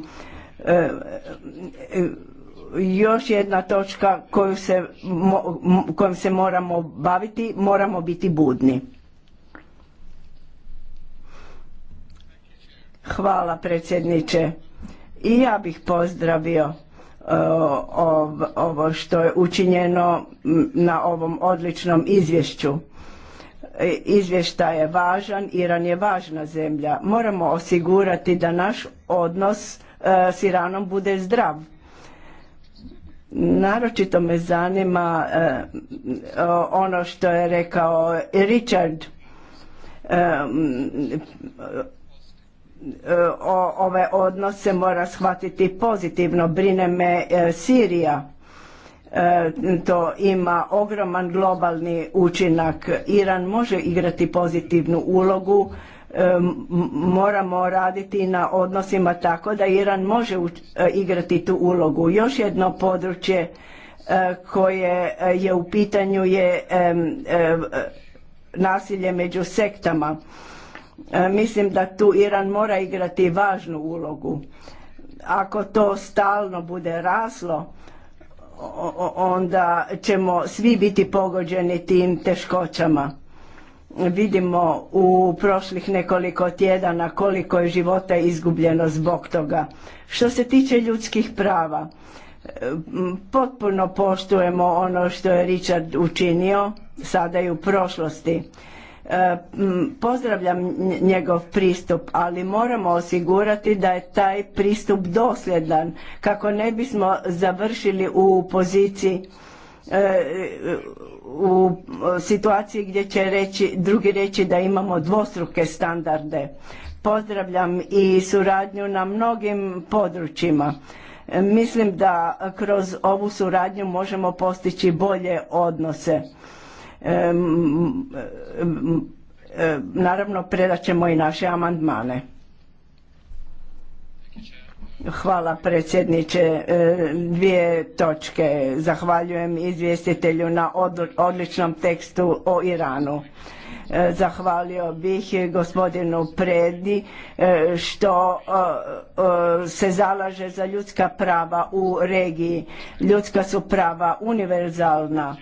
Speaker 1: još jedna točka koju se, kojom se moramo baviti, moramo biti budni. Hvala predsjedniče. I ja bih pozdravio e, ovo što je učinjeno na ovom odličnom izvješću. E, izvještaj je važan, Iran je važna zemlja. Moramo osigurati da naš odnos e, s Iranom bude zdrav. Naročito me zanima ono što je rekao Richard E, ove odnose mora shvatiti pozitivno. Brine me e, Sirija. E, to ima ogroman globalni učinak. Iran može igrati pozitivnu ulogu. Moramo raditi na odnosima tako da Iran može igrati tu ulogu. Još jedno područje koje je u pitanju je nasilje među sektama E, mislim da tu Iran mora igrati važnu ulogu. Ako to stalno bude raslo, onda ćemo svi biti pogođeni tim teškoćama. Vidimo u prošlih nekoliko tjedana koliko je života izgubljeno zbog toga. Što se tiče ljudskih prava, e, potpuno poštujemo ono što je Richard učinio sada i u prošlosti Pozdravljam njegov pristup, ali moramo osigurati da je taj pristup dosljedan kako ne bismo završili u poziciji e, u e, situaciji gdje će reći, drugi reći da imamo dvostruke standarde. Pozdravljam i suradnju na mnogim područjima. E, mislim da kroz ovu suradnju možemo postići bolje odnose naravno predat ćemo i naše amandmane. Hvala predsjedniče. E, dvije točke. Zahvaljujem izvjestitelju na odličnom tekstu o Iranu. E, zahvalio bih gospodinu Predi e, što se zalaže za ljudska prava u regiji. Ljudska su prava univerzalna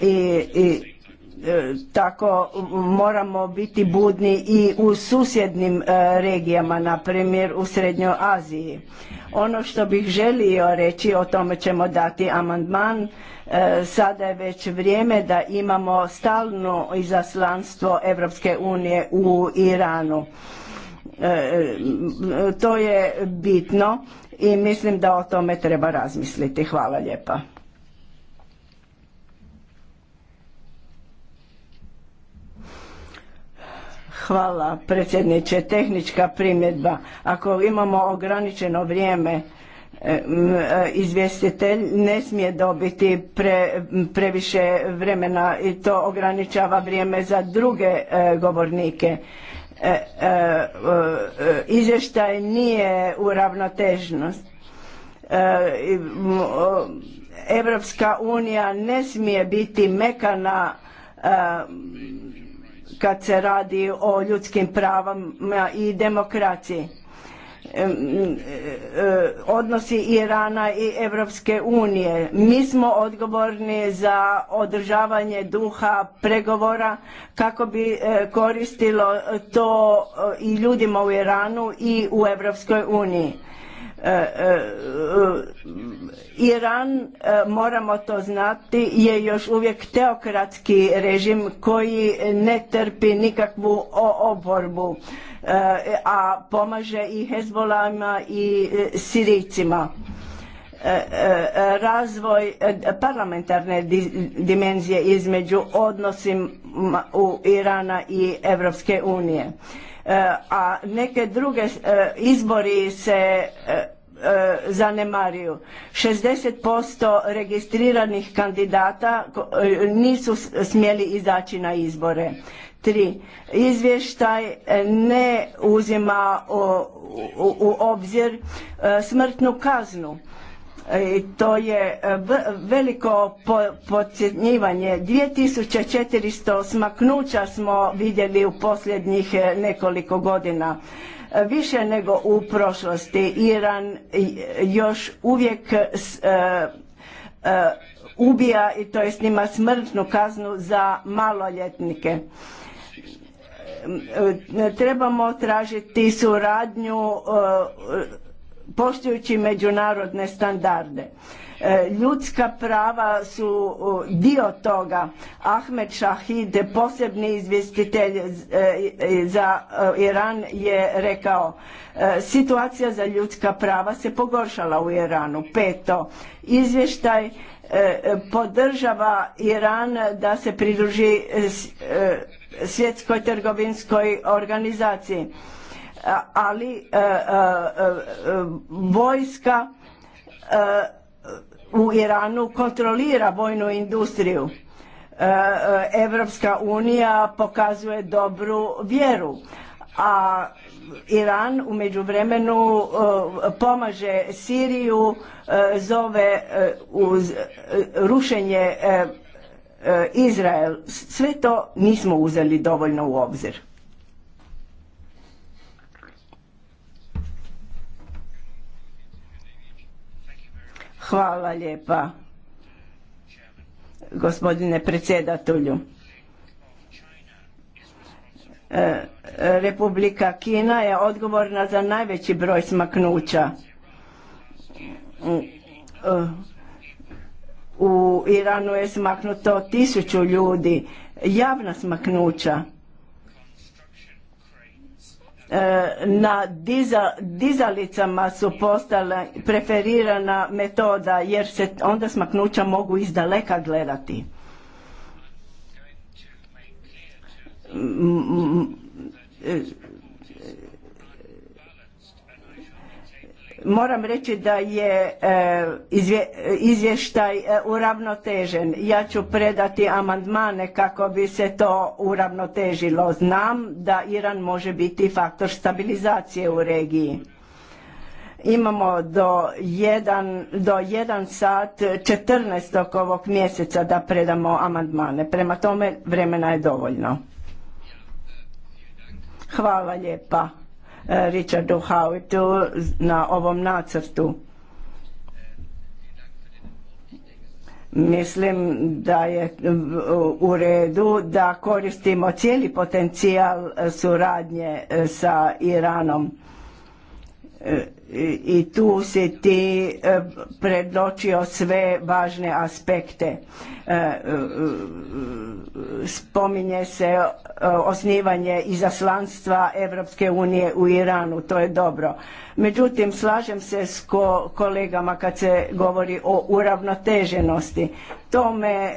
Speaker 1: i, i E, tako moramo biti budni i u susjednim e, regijama, na primjer u Srednjoj Aziji. Ono što bih želio reći, o tome ćemo dati amandman, e, sada je već vrijeme da imamo stalno izaslanstvo Europske unije u Iranu. To je bitno i mislim da o tome treba razmisliti. Hvala lijepa. Hvala predsjedniče. Tehnička primjedba. Ako imamo ograničeno vrijeme, e, e, izvjestitelj ne smije dobiti previše vremena i to ograničava vrijeme za druge e, govornike. izvještaj nije ravnotežnost. Evropska unija ne smije biti mekana kad se radi o ljudskim pravama i demokraciji. E,
Speaker 3: e,
Speaker 1: odnosi Irana i Europske unije. Mi smo odgovorni za održavanje duha pregovora kako bi e, koristilo to i ljudima u Iranu i u Europskoj uniji E, e, e, Iran, moramo to znati, je još uvijek teokratski režim koji ne trpi nikakvu oborbu, a pomaže i Hezbolama i Sirijcima. Razvoj parlamentarne dimenzije između odnosima u Irana i Europske unije E, a neke druge e, izbori se e, zanemariju. 60% registriranih kandidata nisu smjeli izaći na izbore. Tri, izvještaj ne uzima u obzir smrtnu kaznu E, to je e, veliko podcjenjivanje. 2400 smaknuća smo vidjeli u posljednjih e, nekoliko godina. Više nego u prošlosti. Iran još uvijek ubija i to je snima smrtnu kaznu za maloljetnike trebamo tražiti suradnju poštujući međunarodne standarde. E, ljudska prava su dio toga. Ahmed Shahid, posebni izvjestitelj e, za e, Iran, je rekao situacija za ljudska prava se pogoršala u Iranu. Peto, izvještaj podržava Iran da se pridruži svjetskoj trgovinskoj organizaciji ali e, e, e, vojska u Iranu kontrolira vojnu industriju. Evropska unija pokazuje dobru vjeru, a Iran u međuvremenu pomaže Siriju, zove uz rušenje Izrael. Sve to nismo uzeli dovoljno u obzir. Hvala lijepa, gospodine predsjedatelju. E, Republika Kina je odgovorna za najveći broj smaknuća. U Iranu je smaknuto tisuću ljudi, javna smaknuća E, na dizalicama su postala preferirana metoda jer se onda smaknuća mogu iz daleka gledati. Moram reći da je e, izvještaj e, uravnotežen. Ja ću predati amandmane kako bi se to uravnotežilo. Znam da Iran može biti faktor stabilizacije u regiji. Imamo do jedan, do jedan sat 14. ovog mjeseca da predamo amandmane. Prema tome vremena je dovoljno. Hvala lijepa. Richardu Howitu na ovom nacrtu. Mislim da je u redu da koristimo cijeli potencijal suradnje sa Iranom E, i tu si ti e, predočio sve važne aspekte. E, spominje se osnivanje izaslanstva Evropske unije u Iranu, to je dobro. Međutim, slažem se s kolegama kad se govori o uravnoteženosti. To me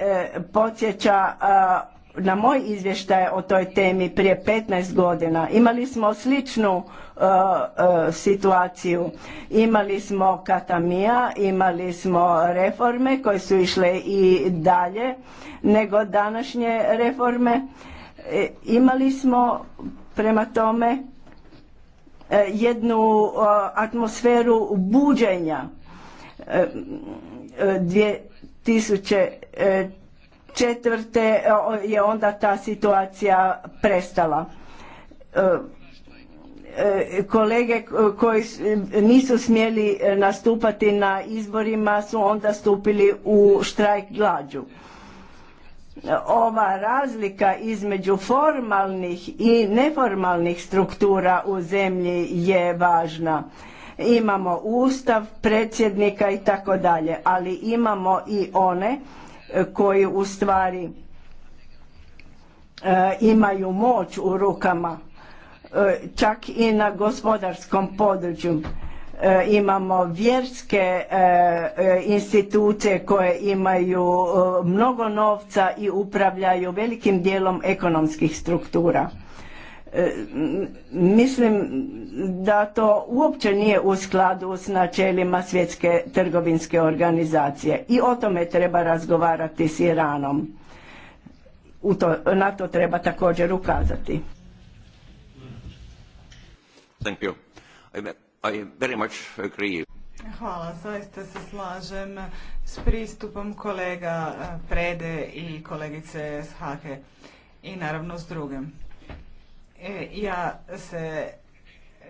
Speaker 1: podsjeća na moj izvještaj o toj temi prije 15 godina imali smo sličnu uh, uh, situaciju. Imali smo katamija, imali smo reforme koje su išle i dalje nego današnje reforme. E, imali smo prema tome e, jednu uh, atmosferu buđenja. E, dvije, četvrte e, je onda ta situacija prestala. E, e, kolege koji nisu smjeli nastupati na izborima su onda stupili u štrajk glađu. Ova razlika između formalnih i neformalnih struktura u zemlji je važna imamo ustav predsjednika i tako dalje ali imamo i one koji u stvari e, imaju moć u rukama e, čak i na gospodarskom području e, imamo vjerske institucije koje imaju mnogo novca i upravljaju velikim dijelom ekonomskih struktura E, mislim da to uopće nije u skladu s načelima svjetske trgovinske organizacije i o tome treba razgovarati s Iranom. U na to treba također ukazati.
Speaker 2: Thank you. I very much agree.
Speaker 3: Hvala, zaista se slažem s pristupom kolega e, Prede i kolegice HAKE i naravno s drugim. E, ja se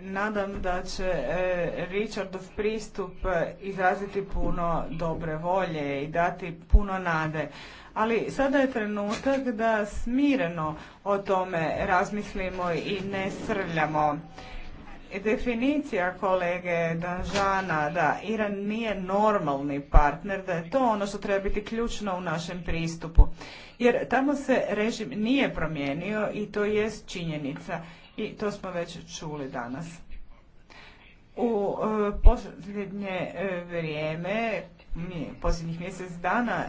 Speaker 3: nadam da će e, Richardov pristup e, izraziti puno dobre volje i dati puno nade. Ali sada je trenutak da smireno o tome razmislimo i ne srljamo definicija kolege Danžana da Iran nije normalni partner, da je to ono što treba biti ključno u našem pristupu. Jer tamo se režim nije promijenio i to jest činjenica. I to smo već čuli danas. U e, posljednje e, vrijeme, posljednjih mjesec dana,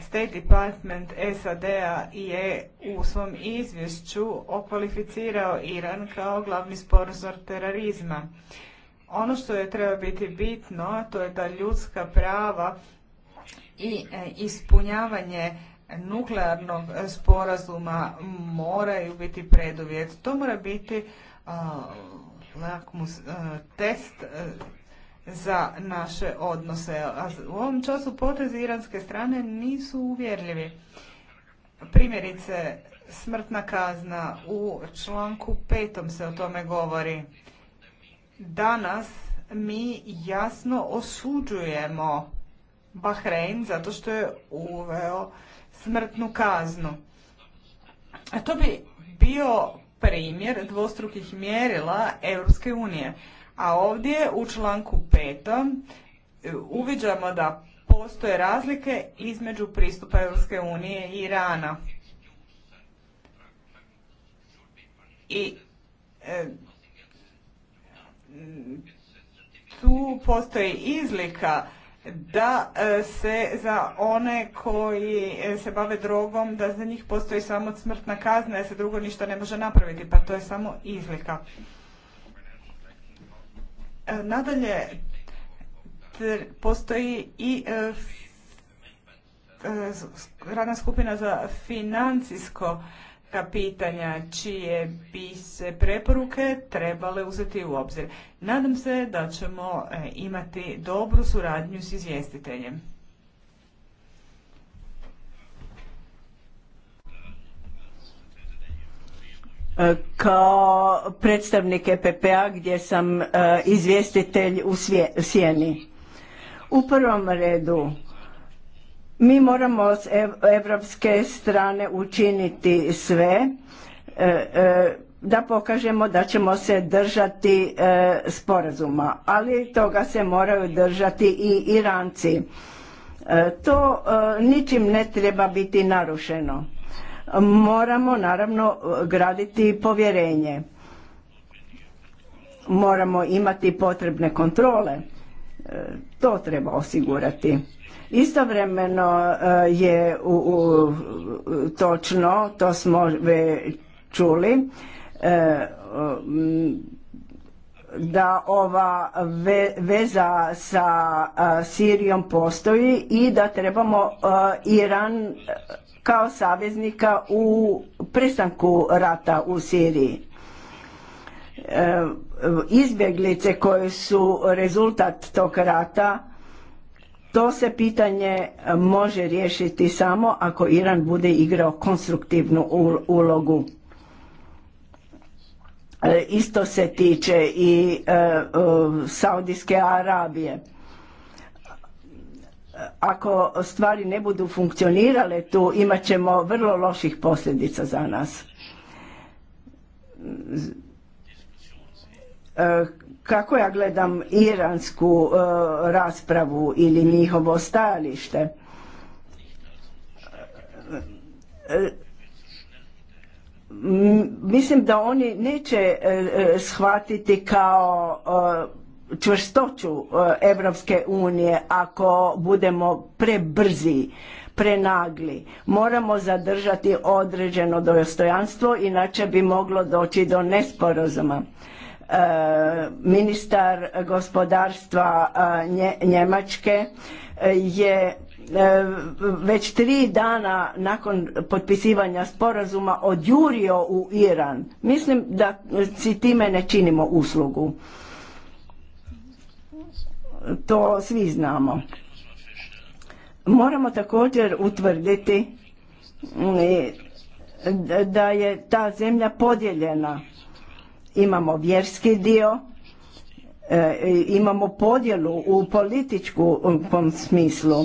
Speaker 3: State Department SAD-a je u svom izvješću okvalificirao Iran kao glavni sporazor terorizma. Ono što je treba biti bitno, to je da ljudska prava i e, ispunjavanje nuklearnog sporazuma moraju biti preduvjet. To mora biti lakmus test za naše odnose. A u ovom času potezi iranske strane nisu uvjerljivi. Primjerice, smrtna kazna u članku petom se o tome govori. Danas mi jasno osuđujemo Bahrein zato što je uveo smrtnu kaznu. A to bi bio primjer dvostrukih mjerila Europske unije. A ovdje u članku 5. E, uviđamo da postoje razlike između pristupa Europske unije i Irana. I e, tu postoji izlika da e, se za one koji se bave drogom, da za njih postoji samo smrtna kazna, jer se drugo ništa ne može napraviti, pa to je samo izlika. E, nadalje, postoji i e, e, radna skupina za financijsko pitanja čije bi se preporuke trebale uzeti u obzir. Nadam se da ćemo imati dobru suradnju s izvjestiteljem.
Speaker 1: E, kao predstavnik EPP-a gdje sam e, izvjestitelj u Sjeni. U prvom redu mi moramo s evropske strane učiniti sve e, da pokažemo da ćemo se držati sporazuma, ali toga se moraju držati i Iranci. To ničim ne treba biti narušeno moramo naravno graditi povjerenje. Moramo imati potrebne kontrole. E, to treba osigurati. Istovremeno e, je u, točno, to smo čuli, e, da ova veza sa Sirijom postoji i da trebamo Iran kao saveznika u prestanku rata u Siriji. E, izbjeglice koje su rezultat tog rata, to se pitanje može riješiti samo ako Iran bude igrao konstruktivnu ulogu E, isto se tiče i e, Saudijske Arabije. Ako stvari ne budu funkcionirale tu imat ćemo vrlo loših posljedica za nas. E, kako ja gledam iransku raspravu ili njihovo stajalište? mislim da oni neće e, e, shvatiti kao e, čvrstoću Evropske unije ako budemo prebrzi, prenagli. Moramo zadržati određeno dostojanstvo, inače bi moglo doći do nesporazuma. Ministar gospodarstva Njemačke je E, već tri dana nakon potpisivanja sporazuma odjurio u Iran. Mislim da si time ne činimo uslugu. To svi znamo. Moramo također utvrditi mm, da je ta zemlja podijeljena. Imamo vjerski dio, e, imamo podjelu u političkom smislu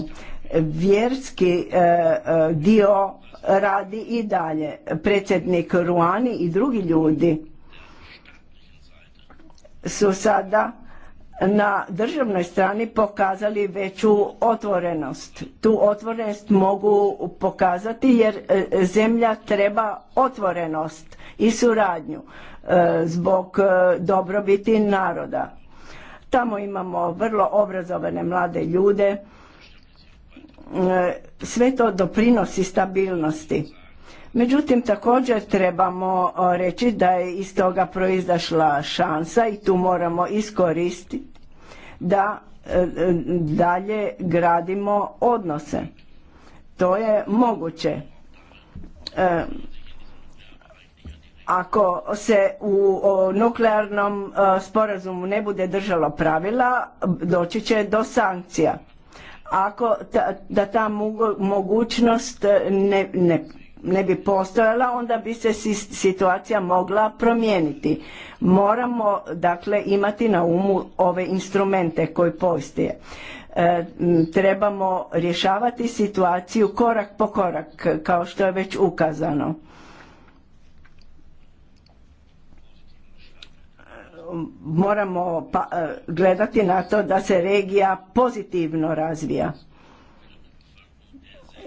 Speaker 1: vjerski e, e, dio radi i dalje. Predsjednik Ruani i drugi ljudi su sada na državnoj strani pokazali veću otvorenost. Tu otvorenost mogu pokazati jer e, zemlja treba otvorenost i suradnju zbog dobrobiti naroda. Tamo imamo vrlo obrazovane mlade ljude E, sve to doprinosi stabilnosti. Međutim, također trebamo reći da je iz toga proizašla šansa i tu moramo iskoristiti da e, dalje gradimo odnose. To je moguće. E, ako se u nuklearnom sporazumu ne bude držalo pravila, doći će do sankcija ako da ta mogućnost eh, ne, bi postojala onda bi se situacija mogla promijeniti moramo dakle imati na umu ove instrumente koji postoje eh, trebamo rješavati situaciju korak po korak kao što je već ukazano moramo pa, e, gledati na to da se regija pozitivno razvija.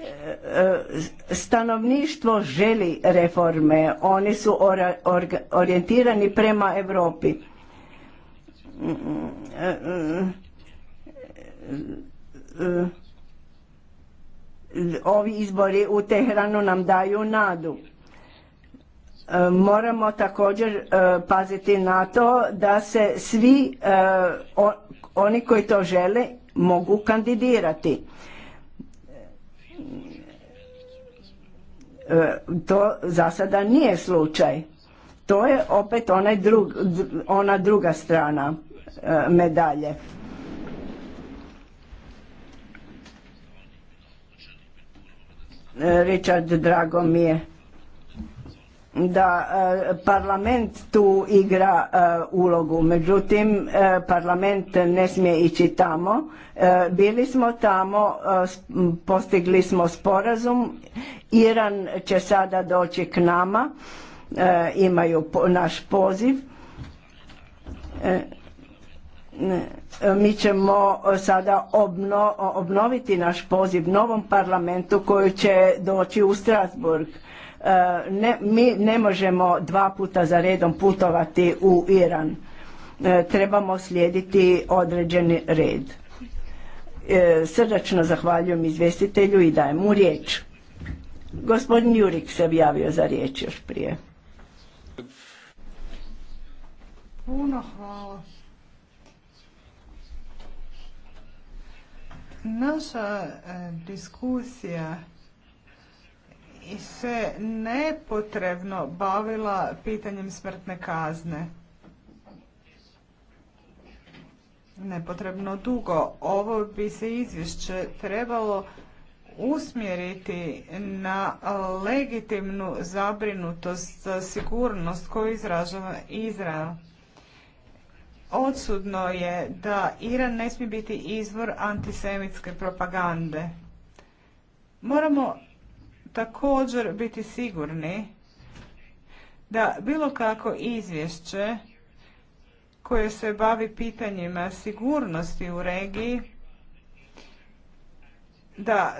Speaker 1: E, e, stanovništvo želi reforme, oni su orijentirani prema Europi. Mm, mm, mm, Ovi izbori u Tehranu nam daju nadu E, moramo također e, paziti na to da se svi e, oni koji to žele mogu kandidirati. To za sada nije slučaj. To je opet ona druga strana medalje. Richard, drago mi je da e, parlament tu igra e, ulogu, međutim e, parlament ne smije ići tamo. Bili smo tamo, postigli smo sporazum, Iran će sada doći k nama, imaju naš poziv. Mi ćemo sada obnoviti naš poziv novom parlamentu koji će doći u Strasburg ne, mi ne možemo dva puta za redom putovati u Iran. E, trebamo slijediti određeni red. E, srdačno zahvaljujem izvjestitelju i dajem mu riječ. Gospodin Jurik se objavio za riječ još prije.
Speaker 3: Puno hvala. Naša e, diskusija se nepotrebno bavila pitanjem smrtne kazne. Nepotrebno dugo. Ovo bi se izvješće trebalo usmjeriti na legitimnu zabrinutost za sigurnost koju izražava Izrael. Odsudno je da Iran ne smije biti izvor antisemitske propagande. Moramo također biti sigurni da bilo kako izvješće koje se bavi pitanjima sigurnosti u regiji, da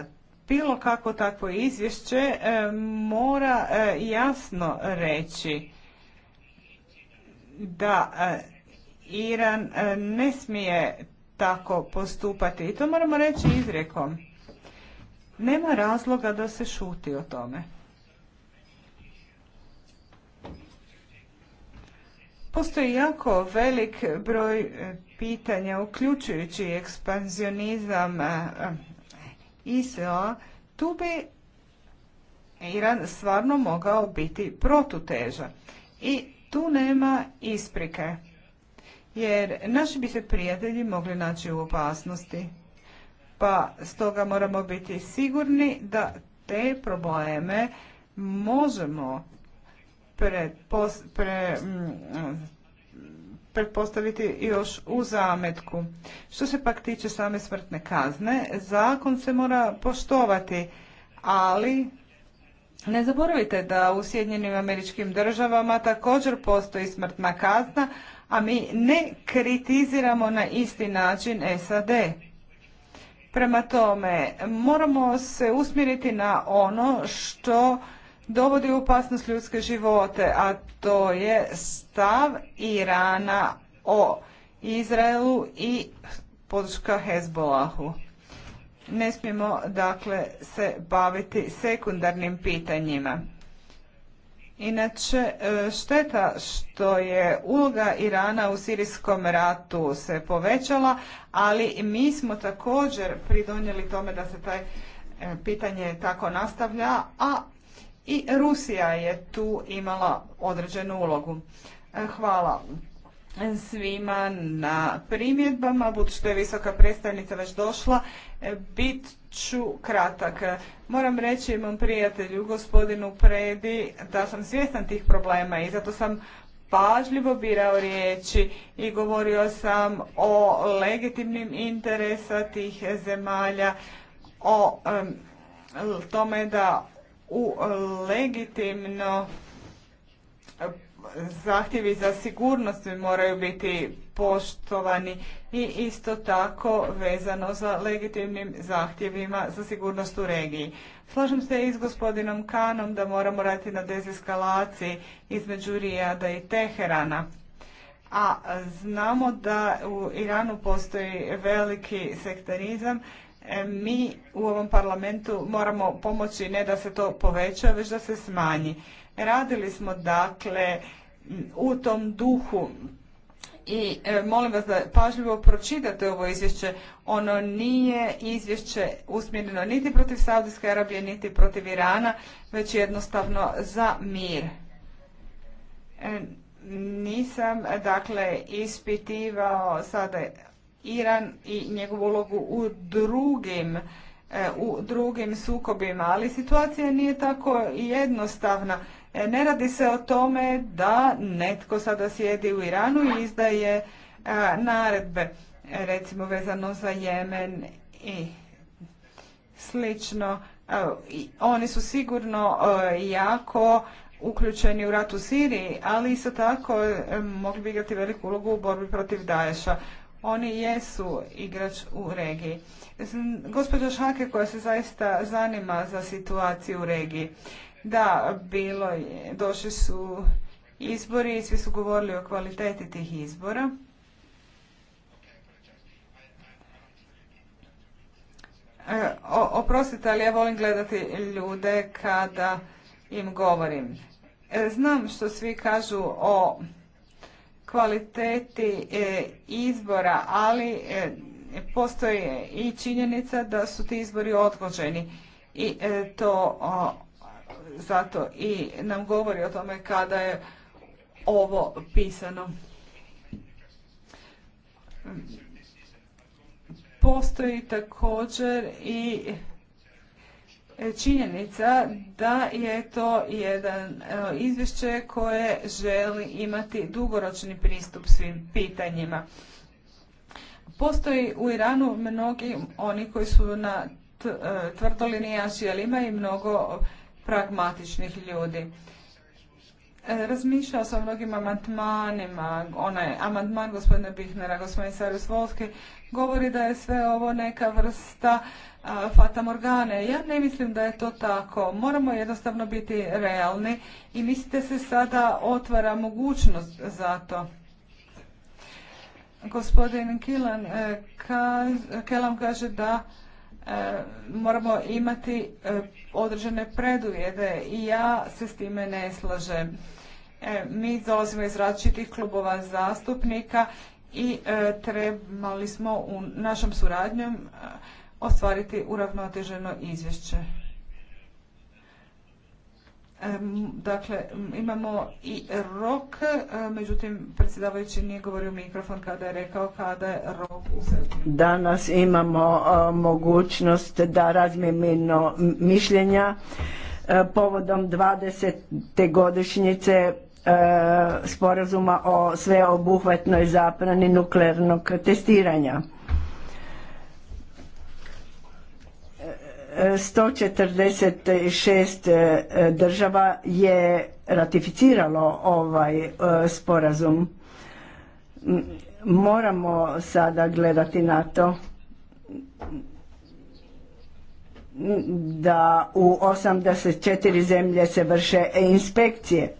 Speaker 3: bilo kako takvo izvješće e, mora e, jasno reći da e, Iran ne smije tako postupati. I to moramo reći izrekom. Nema razloga da se šuti o tome. Postoji jako velik broj e, pitanja, uključujući ekspanzionizam e, e, ISO, tu bi Iran stvarno mogao biti protuteža. I tu nema isprike, jer naši bi se prijatelji mogli naći u opasnosti pa stoga moramo biti sigurni da te probleme možemo mm, pretpostaviti još u zametku. Što se pak tiče same smrtne kazne, zakon se mora poštovati, ali ne zaboravite da u Sjedinjenim američkim državama također postoji smrtna kazna, a mi ne kritiziramo na isti način SAD. Prema tome, moramo se usmjeriti na ono što dovodi u opasnost ljudske živote, a to je stav Irana o Izraelu i podrška Hezbolahu. Ne smijemo dakle se baviti sekundarnim pitanjima. Inače, e, šteta što je uloga Irana u sirijskom ratu se povećala, ali mi smo također pridonijeli tome da se taj e, pitanje tako nastavlja, a i Rusija je tu imala određenu ulogu. E, hvala svima na primjedbama, budući da je visoka predstavnica već došla, E, bit ću kratak. Moram reći mom prijatelju, gospodinu Predi, da sam svjestan tih problema i zato sam pažljivo birao riječi i govorio sam o legitimnim interesa tih zemalja, o tome da u legitimno zahtjevi za sigurnost moraju biti poštovani i isto tako vezano za legitimnim zahtjevima za sigurnost u regiji. Slažem se i s gospodinom Kanom da moramo raditi na dezeskalaciji između Rijada i Teherana. A znamo da u Iranu postoji veliki sektarizam e, mi u ovom parlamentu moramo pomoći ne da se to poveća, već da se smanji. Radili smo dakle u tom duhu i e, molim vas da pažljivo pročitate ovo izvješće. Ono nije izvješće usmjereno niti protiv Saudijske Arabije, niti protiv Irana, već jednostavno za mir. E, nisam, dakle, ispitivao sada Iran i njegovu ulogu u drugim e, u drugim sukobima, ali situacija nije tako jednostavna E, ne radi se o tome da netko sada sjedi u Iranu i izdaje e, naredbe, recimo vezano za Jemen i slično. E, oni su sigurno jako uključeni u rat u Siriji, ali isto tako mogli bi igrati veliku ulogu u borbi protiv Daesha. Oni jesu igrač u regiji gospođo Šake koja se zaista zanima za situaciju u regiji. Da, bilo je, došli su izbori i svi su govorili o kvaliteti tih izbora. E, o, oprostite, ali ja volim gledati ljude kada im govorim. E, znam što svi kažu o kvaliteti e, izbora, ali Postoji i činjenica da su ti izbori odgođeni i e, to zato i nam govori o tome kada je ovo pisano. Postoji također i e, činjenica da je to jedan e, izvješće koje želi imati dugoročni pristup svim pitanjima. Postoji u Iranu mnogi oni koji su na e, linijaši, ali ima i mnogo pragmatičnih ljudi. E, razmišljao sam o mnogim amandmanima, onaj amandman gospodina Bihnera, gospodin Sarius Volski, govori da je sve ovo neka vrsta Fata Morgane. Ja ne mislim da je to tako. Moramo jednostavno biti realni i mislite se sada otvara mogućnost za to. Gospodin Kilan, e, Kelam kaže da e, moramo imati e, određene preduvjede i ja se s time ne slažem. mi dolazimo iz različitih klubova zastupnika i trebali smo u našom suradnjom ostvariti uravnoteženo izvješće. Dakle, imamo i rok, e, međutim, predsjedavajući nije govorio mikrofon kada je rekao kada je rok
Speaker 1: Danas imamo e, mogućnost da razmijemo mišljenja e, povodom 20. godišnjice sporazuma o sveobuhvatnoj zaprani nuklearnog testiranja. 146 e, država je ratificiralo ovaj e, sporazum. Moramo sada gledati na to da u 84 zemlje se vrše inspekcije.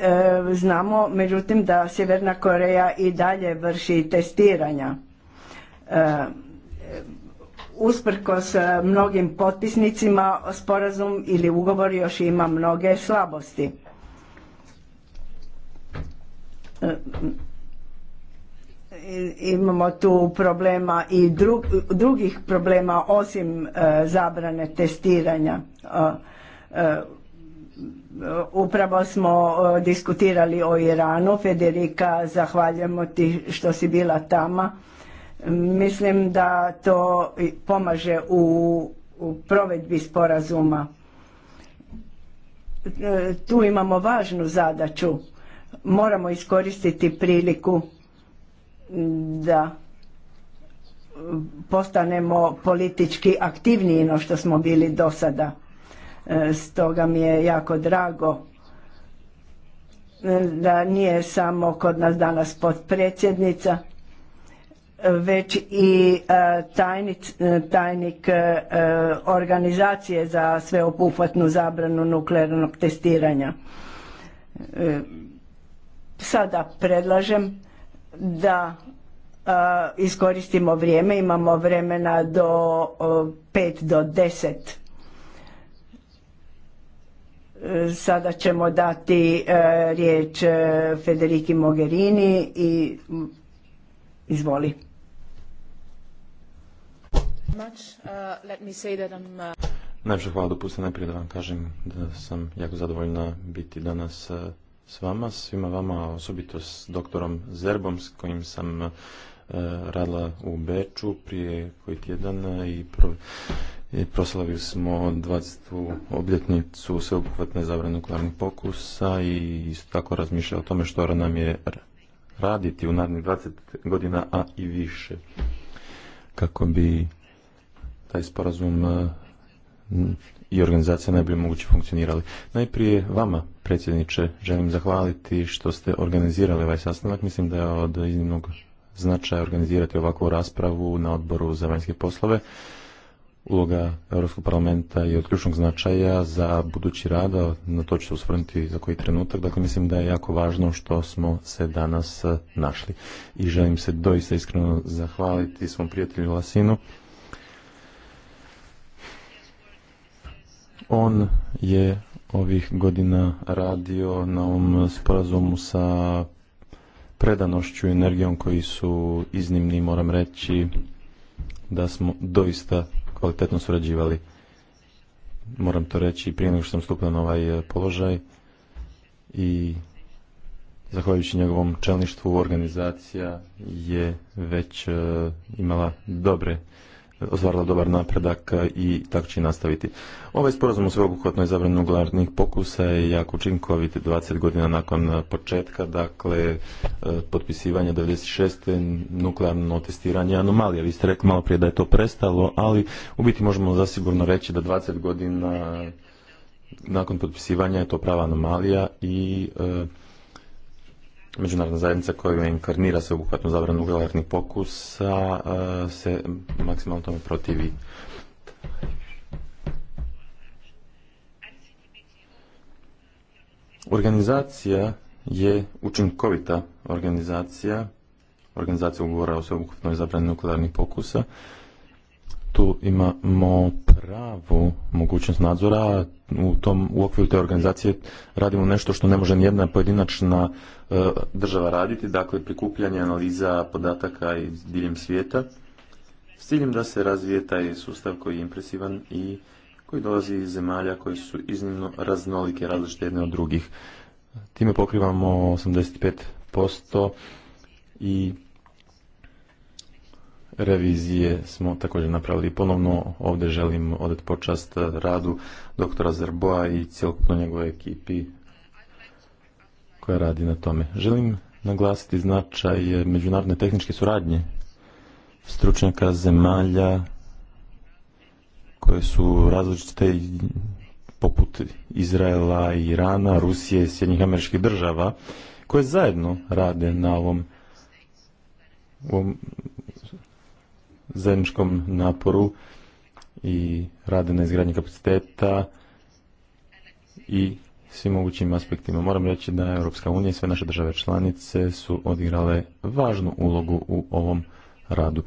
Speaker 1: E, znamo, međutim, da Sjeverna Koreja i dalje vrši testiranja usprkos e, mnogim potpisnicima sporazum ili ugovor još ima mnoge slabosti. E, imamo tu problema i drugih problema osim e, zabrane testiranja. Upravo smo diskutirali o Iranu. Federika, zahvaljujemo ti što si bila tamo Mislim da to pomaže u, provedbi sporazuma. E, tu imamo važnu zadaću. Moramo iskoristiti priliku da postanemo politički aktivniji no što smo bili do sada. E, stoga mi je jako drago e, da nije samo kod nas danas potpredsjednica, već i e, tajnic, e, tajnik e, organizacije za sveopuhvatnu zabranu nuklearnog testiranja. Sada predlažem da iskoristimo vrijeme, imamo vremena do 5 do 10 sada ćemo dati riječ Federiki Mogherini i izvoli much. Uh,
Speaker 2: uh, hvala dopustite najprije da vam kažem da sam jako zadovoljna biti danas uh, s vama, svima vama, osobito s doktorom Zerbom s kojim sam radila u Beču prije koji tjedan i proslavili smo 20. obljetnicu sveobuhvatne zabrane nuklearnih pokusa i isto tako razmišljao o tome što nam je raditi u narednih 20 godina, a i više kako bi taj sporazum e, i organizacija najbolje moguće funkcionirali. Najprije vama, predsjedniče, želim zahvaliti što ste organizirali ovaj sastanak. Mislim da je od iznimnog značaja organizirati ovakvu raspravu na odboru za vanjske poslove. Uloga Europskog parlamenta je od ključnog značaja za budući rad, na to ću se za koji trenutak. Dakle, mislim da je jako važno što smo se danas e, našli. I želim se doista iskreno zahvaliti svom prijatelju Lasinu On je ovih godina radio na ovom sporazumu sa predanošću i energijom koji su iznimni, moram reći da smo doista kvalitetno surađivali. Moram to reći prije nego što sam stupio na ovaj e, položaj i zahvaljujući njegovom čelništvu organizacija je već e, imala dobre ostvarila dobar napredak e, i tako će nastaviti. Ovaj sporazum u sveobuhvatnoj zabranju nuklearnih pokusa je jako učinkovit 20 godina nakon početka, dakle e, potpisivanje 96. nuklearno testiranje anomalija. Vi ste rekli malo prije da je to prestalo, ali u biti možemo zasigurno reći da 20 godina nakon potpisivanja je to prava anomalija i e, međunarodna zajednica koja inkarnira sveobuhvatnu zabranu nuklearnih pokusa e, se maksimalno tome protivi. Organizacija je učinkovita organizacija, organizacija ugovora o sveobuhvatnoj zabrani nuklearnih pokusa tu imamo pravu mogućnost nadzora, u tom u okviru te organizacije radimo nešto što ne može nijedna pojedinačna e, država raditi, dakle prikupljanje analiza podataka iz diljem svijeta s ciljem da se razvije taj sustav koji je impresivan i koji dolazi iz zemalja koje su iznimno raznolike, različite jedne od drugih. Time pokrivamo 85% i revizije smo također napravili. Ponovno ovdje želim odati počast radu doktora Zerboa i cjelokupno njegove ekipi koja radi na tome. Želim naglasiti značaj međunarodne tehničke suradnje stručnjaka zemalja koje su različite poput Izraela, Irana, Rusije i Sjednjih američkih država koje zajedno rade na ovom zajedničkom naporu i rade na izgradnji kapaciteta i svim mogućim aspektima. Moram reći da Europska unija i sve naše države članice su odigrale važnu ulogu u ovom radu.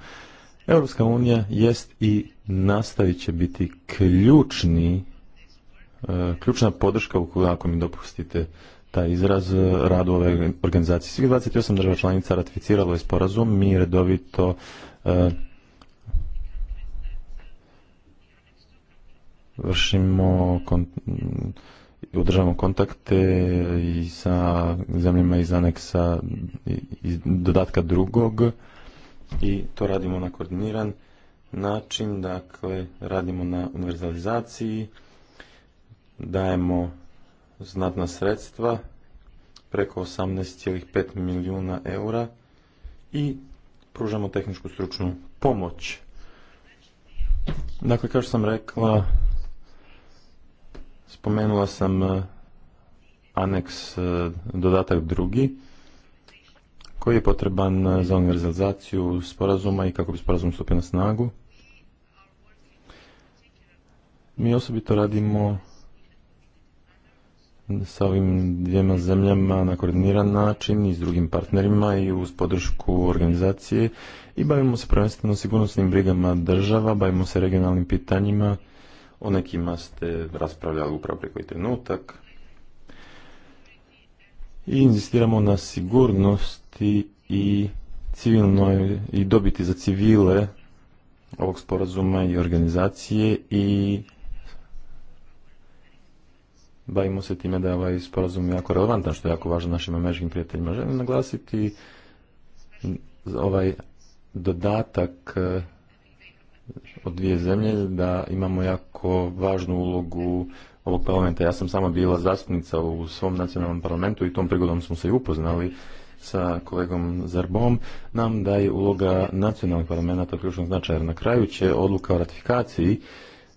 Speaker 2: Europska unija jest i nastavit će biti ključni, e, ključna podrška, ako mi dopustite taj izraz, radu ove organizacije. Svih 28 država članica ratificiralo je sporazum, mi redovito e, vršimo kont održavamo kontakte i sa zemljama iz aneksa iz dodatka drugog i to radimo na koordiniran način, dakle radimo na univerzalizaciji, dajemo znatna sredstva preko 18,5 milijuna eura i pružamo tehničku stručnu pomoć. Dakle, kao što sam rekla, Spomenula sam e, aneks e, dodatak drugi koji je potreban e, za univerzalizaciju sporazuma i kako bi sporazum stupio na snagu. Mi osobito radimo sa ovim dvijema zemljama na koordiniran način i s drugim partnerima i uz podršku organizacije i bavimo se prvenstveno sigurnosnim brigama država, bavimo se regionalnim pitanjima o nekima ste raspravljali upravo preko trenutak. I inzistiramo na sigurnosti i civilnoj i dobiti za civile ovog sporazuma i organizacije i bavimo se time da je ovaj sporazum jako relevantan, što je jako važno našim američkim prijateljima. Želim naglasiti ovaj dodatak od dvije zemlje, da imamo jako važnu ulogu ovog parlamenta. Ja sam sama bila zastupnica u svom nacionalnom parlamentu i tom prigodom smo se i upoznali sa kolegom Zarbom, nam da je uloga nacionalnih parlamenta ključno značaja. Na kraju će odluka o ratifikaciji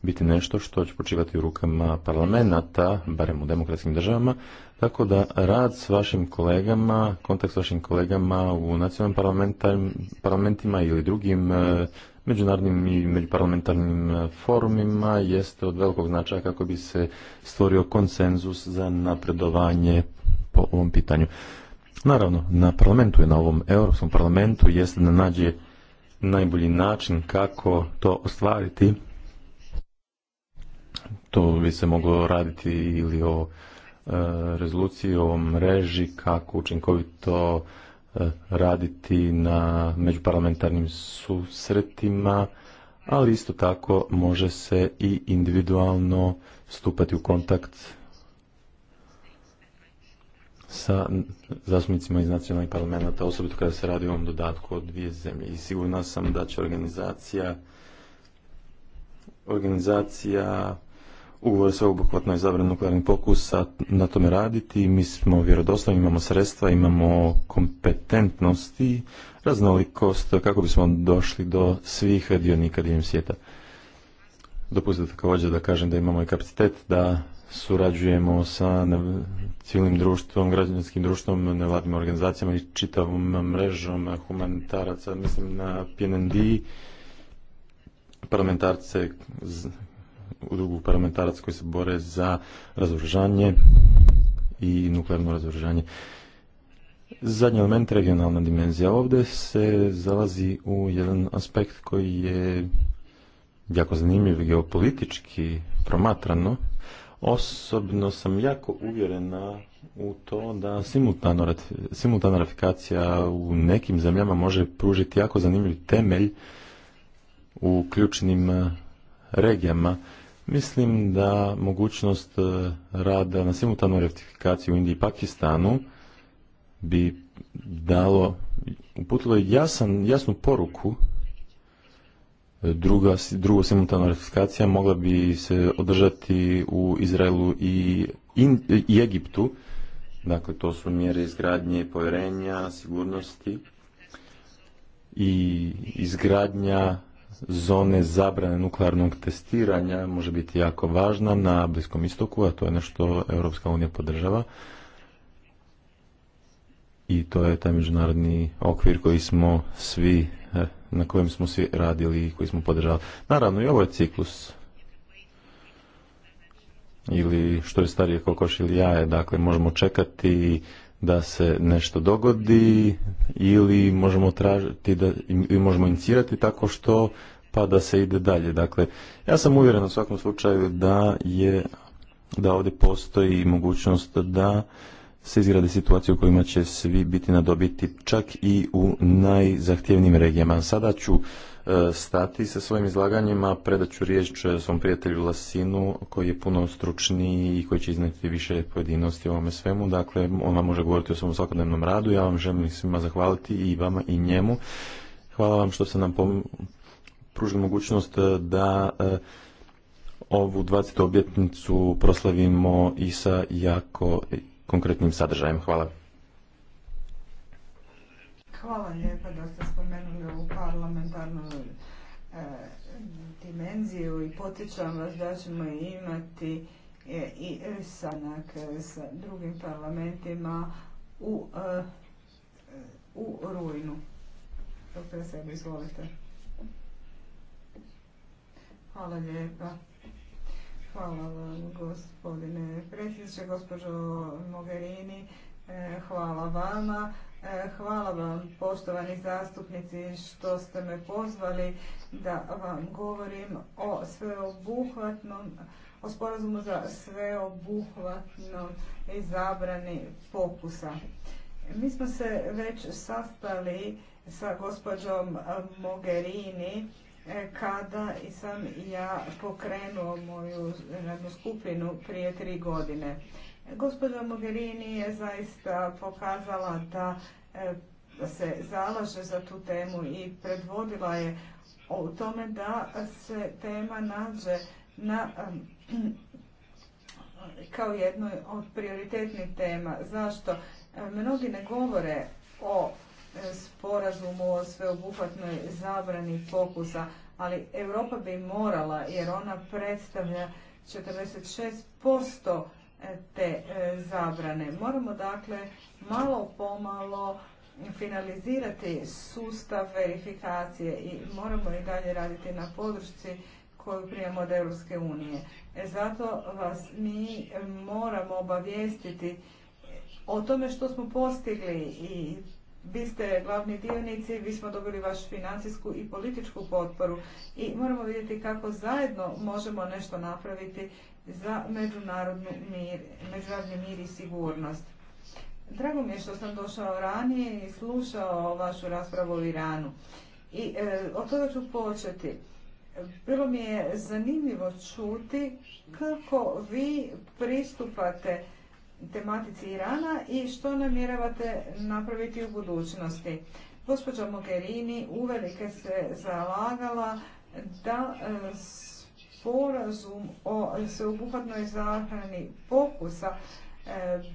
Speaker 2: biti nešto što će počivati u rukama parlamenta, barem u demokratskim državama, tako da rad s vašim kolegama, kontakt s vašim kolegama u nacionalnim parlamentima ili drugim e, međunarodnim i međuparlamentarnim e, forumima jeste od velikog značaja kako bi se stvorio konsenzus za napredovanje po ovom pitanju. Naravno, na parlamentu je, na ovom Europskom parlamentu jeste da nađe najbolji način kako to ostvariti. To bi se moglo raditi ili o e, rezoluciji, o mreži, kako učinkovito raditi na međuparlamentarnim susretima, ali isto tako može se i individualno stupati u kontakt sa zastupnicima iz nacionalnih parlamenta, osobito kada se radi o ovom dodatku od dvije zemlje. I sigurna sam da će organizacija organizacija ugovor sveobuhvatno je zabran nuklearni pokus, a na tome raditi. Mi smo vjerodostojni, imamo sredstva, imamo kompetentnosti, raznolikost kako bismo došli do svih dionika diljem svijeta. Dopustite također da kažem da imamo i kapacitet da surađujemo sa civilnim društvom, građanskim društvom, nevladnim organizacijama i čitavom mrežom humanitaraca, mislim na PNND, parlamentarce drugu parlamentarac koji se bore za razoružanje i nuklearno razoružanje. Zadnji element, regionalna dimenzija. Ovdje se zalazi u jedan aspekt koji je jako zanimljiv geopolitički promatrano. Osobno sam jako uvjerena u to da simultana ratifikacija u nekim zemljama može pružiti jako zanimljiv temelj u ključnim eh, regijama Mislim da mogućnost e, rada na simultanu ratifikaciji u Indiji i Pakistanu bi dalo, uputilo jasan, jasnu poruku e, druga, drugo simultana ratifikacija mogla bi se održati u Izraelu i, in, i Egiptu. Dakle, to su mjere izgradnje povjerenja, sigurnosti i izgradnja zone zabrane nuklearnog testiranja može biti jako važna na Bliskom istoku, a to je nešto Europska unija podržava. I to je taj međunarodni okvir koji smo svi, eh, na kojem smo svi radili i koji smo podržali. Naravno i ovo je ciklus ili što je starije kokoš ili jaje, dakle možemo čekati da se nešto dogodi ili možemo tražiti da, ili možemo inicirati tako što pa da se ide dalje. Dakle, ja sam uvjeren u svakom slučaju da je da ovdje postoji mogućnost da se izgrade situacije u kojima će svi biti na dobiti čak i u najzahtjevnijim regijama. Sada ću E, stati sa svojim izlaganjima, predat ću riječ e, svom prijatelju Lasinu koji je puno stručniji i koji će iznijeti više pojedinosti o ovome svemu. Dakle, ona može govoriti o svom svakodnevnom radu. Ja vam želim svima zahvaliti i vama i njemu. Hvala vam što ste nam pružili mogućnost e, da ovu 20. objetnicu proslavimo i sa jako konkretnim sadržajem. Hvala.
Speaker 3: Hvala lijepa da ste spomenuli ovu parlamentarnu e, dimenziju i potičam vas da ćemo imati e, i sanak e, sa drugim parlamentima u, e, u rujnu. se sebi, izvolite. Hvala lijepa. Hvala vam gospodine predsjedniče, gospođo Mogherini. Hvala vama. E, hvala vam, poštovani zastupnici, što ste me pozvali da vam govorim o sveobuhvatnom, o sporazumu za sveobuhvatno zabrani pokusa. Mi smo se već sastali sa gospođom Mogherini e, kada sam ja pokrenuo moju radnu skupinu prije tri godine. Gospođa Mogherini je zaista pokazala e, da se zalaže za tu temu i predvodila je u tome da se tema nađe na, kao jednoj od prioritetnih tema. Zašto? E, mnogi ne govore o e, sporazumu o sveobuhvatnoj zabrani fokusa, ali Europa bi morala jer ona predstavlja 46% te e, zabrane. Moramo dakle malo pomalo finalizirati sustav verifikacije i moramo i dalje raditi na podršci koju prijemo od Europske unije. E, zato vas mi moramo obavijestiti o tome što smo postigli i vi ste glavni dionici, vi smo dobili vašu financijsku i političku potporu i moramo vidjeti kako zajedno možemo nešto napraviti za međunarodnu mir, međunarodni mir i sigurnost. Drago mi je što sam došao ranije i slušao vašu raspravu o Iranu. I e, od toga ću početi. Bilo mi je zanimljivo čuti kako vi pristupate tematici Irana i što namjeravate napraviti u budućnosti. Gospođa Mogherini uvelike se zalagala da e, sporazum o sveobuhvatnoj zahrani pokusa e,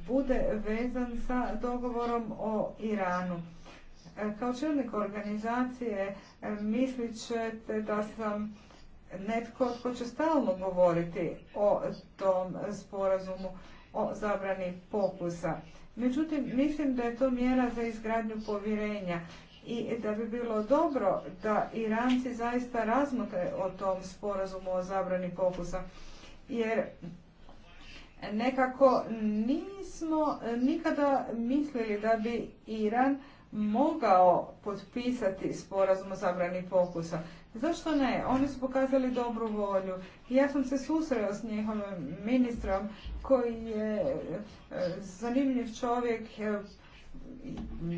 Speaker 3: bude vezan sa dogovorom o Iranu. E, kao čelnik organizacije mislit ćete da sam netko tko će stalno govoriti o tom sporazumu o zabrani pokusa. Međutim, mislim da je to mjera za izgradnju povjerenja i da bi bilo dobro da Iranci zaista razmotre o tom sporazumu o zabrani pokusa. Jer nekako nismo nikada mislili da bi Iran mogao potpisati sporazum o zabrani pokusa. Zašto ne? Oni su pokazali dobru volju. Ja sam se susreo s njihovim ministrom koji je e, zanimljiv čovjek, e,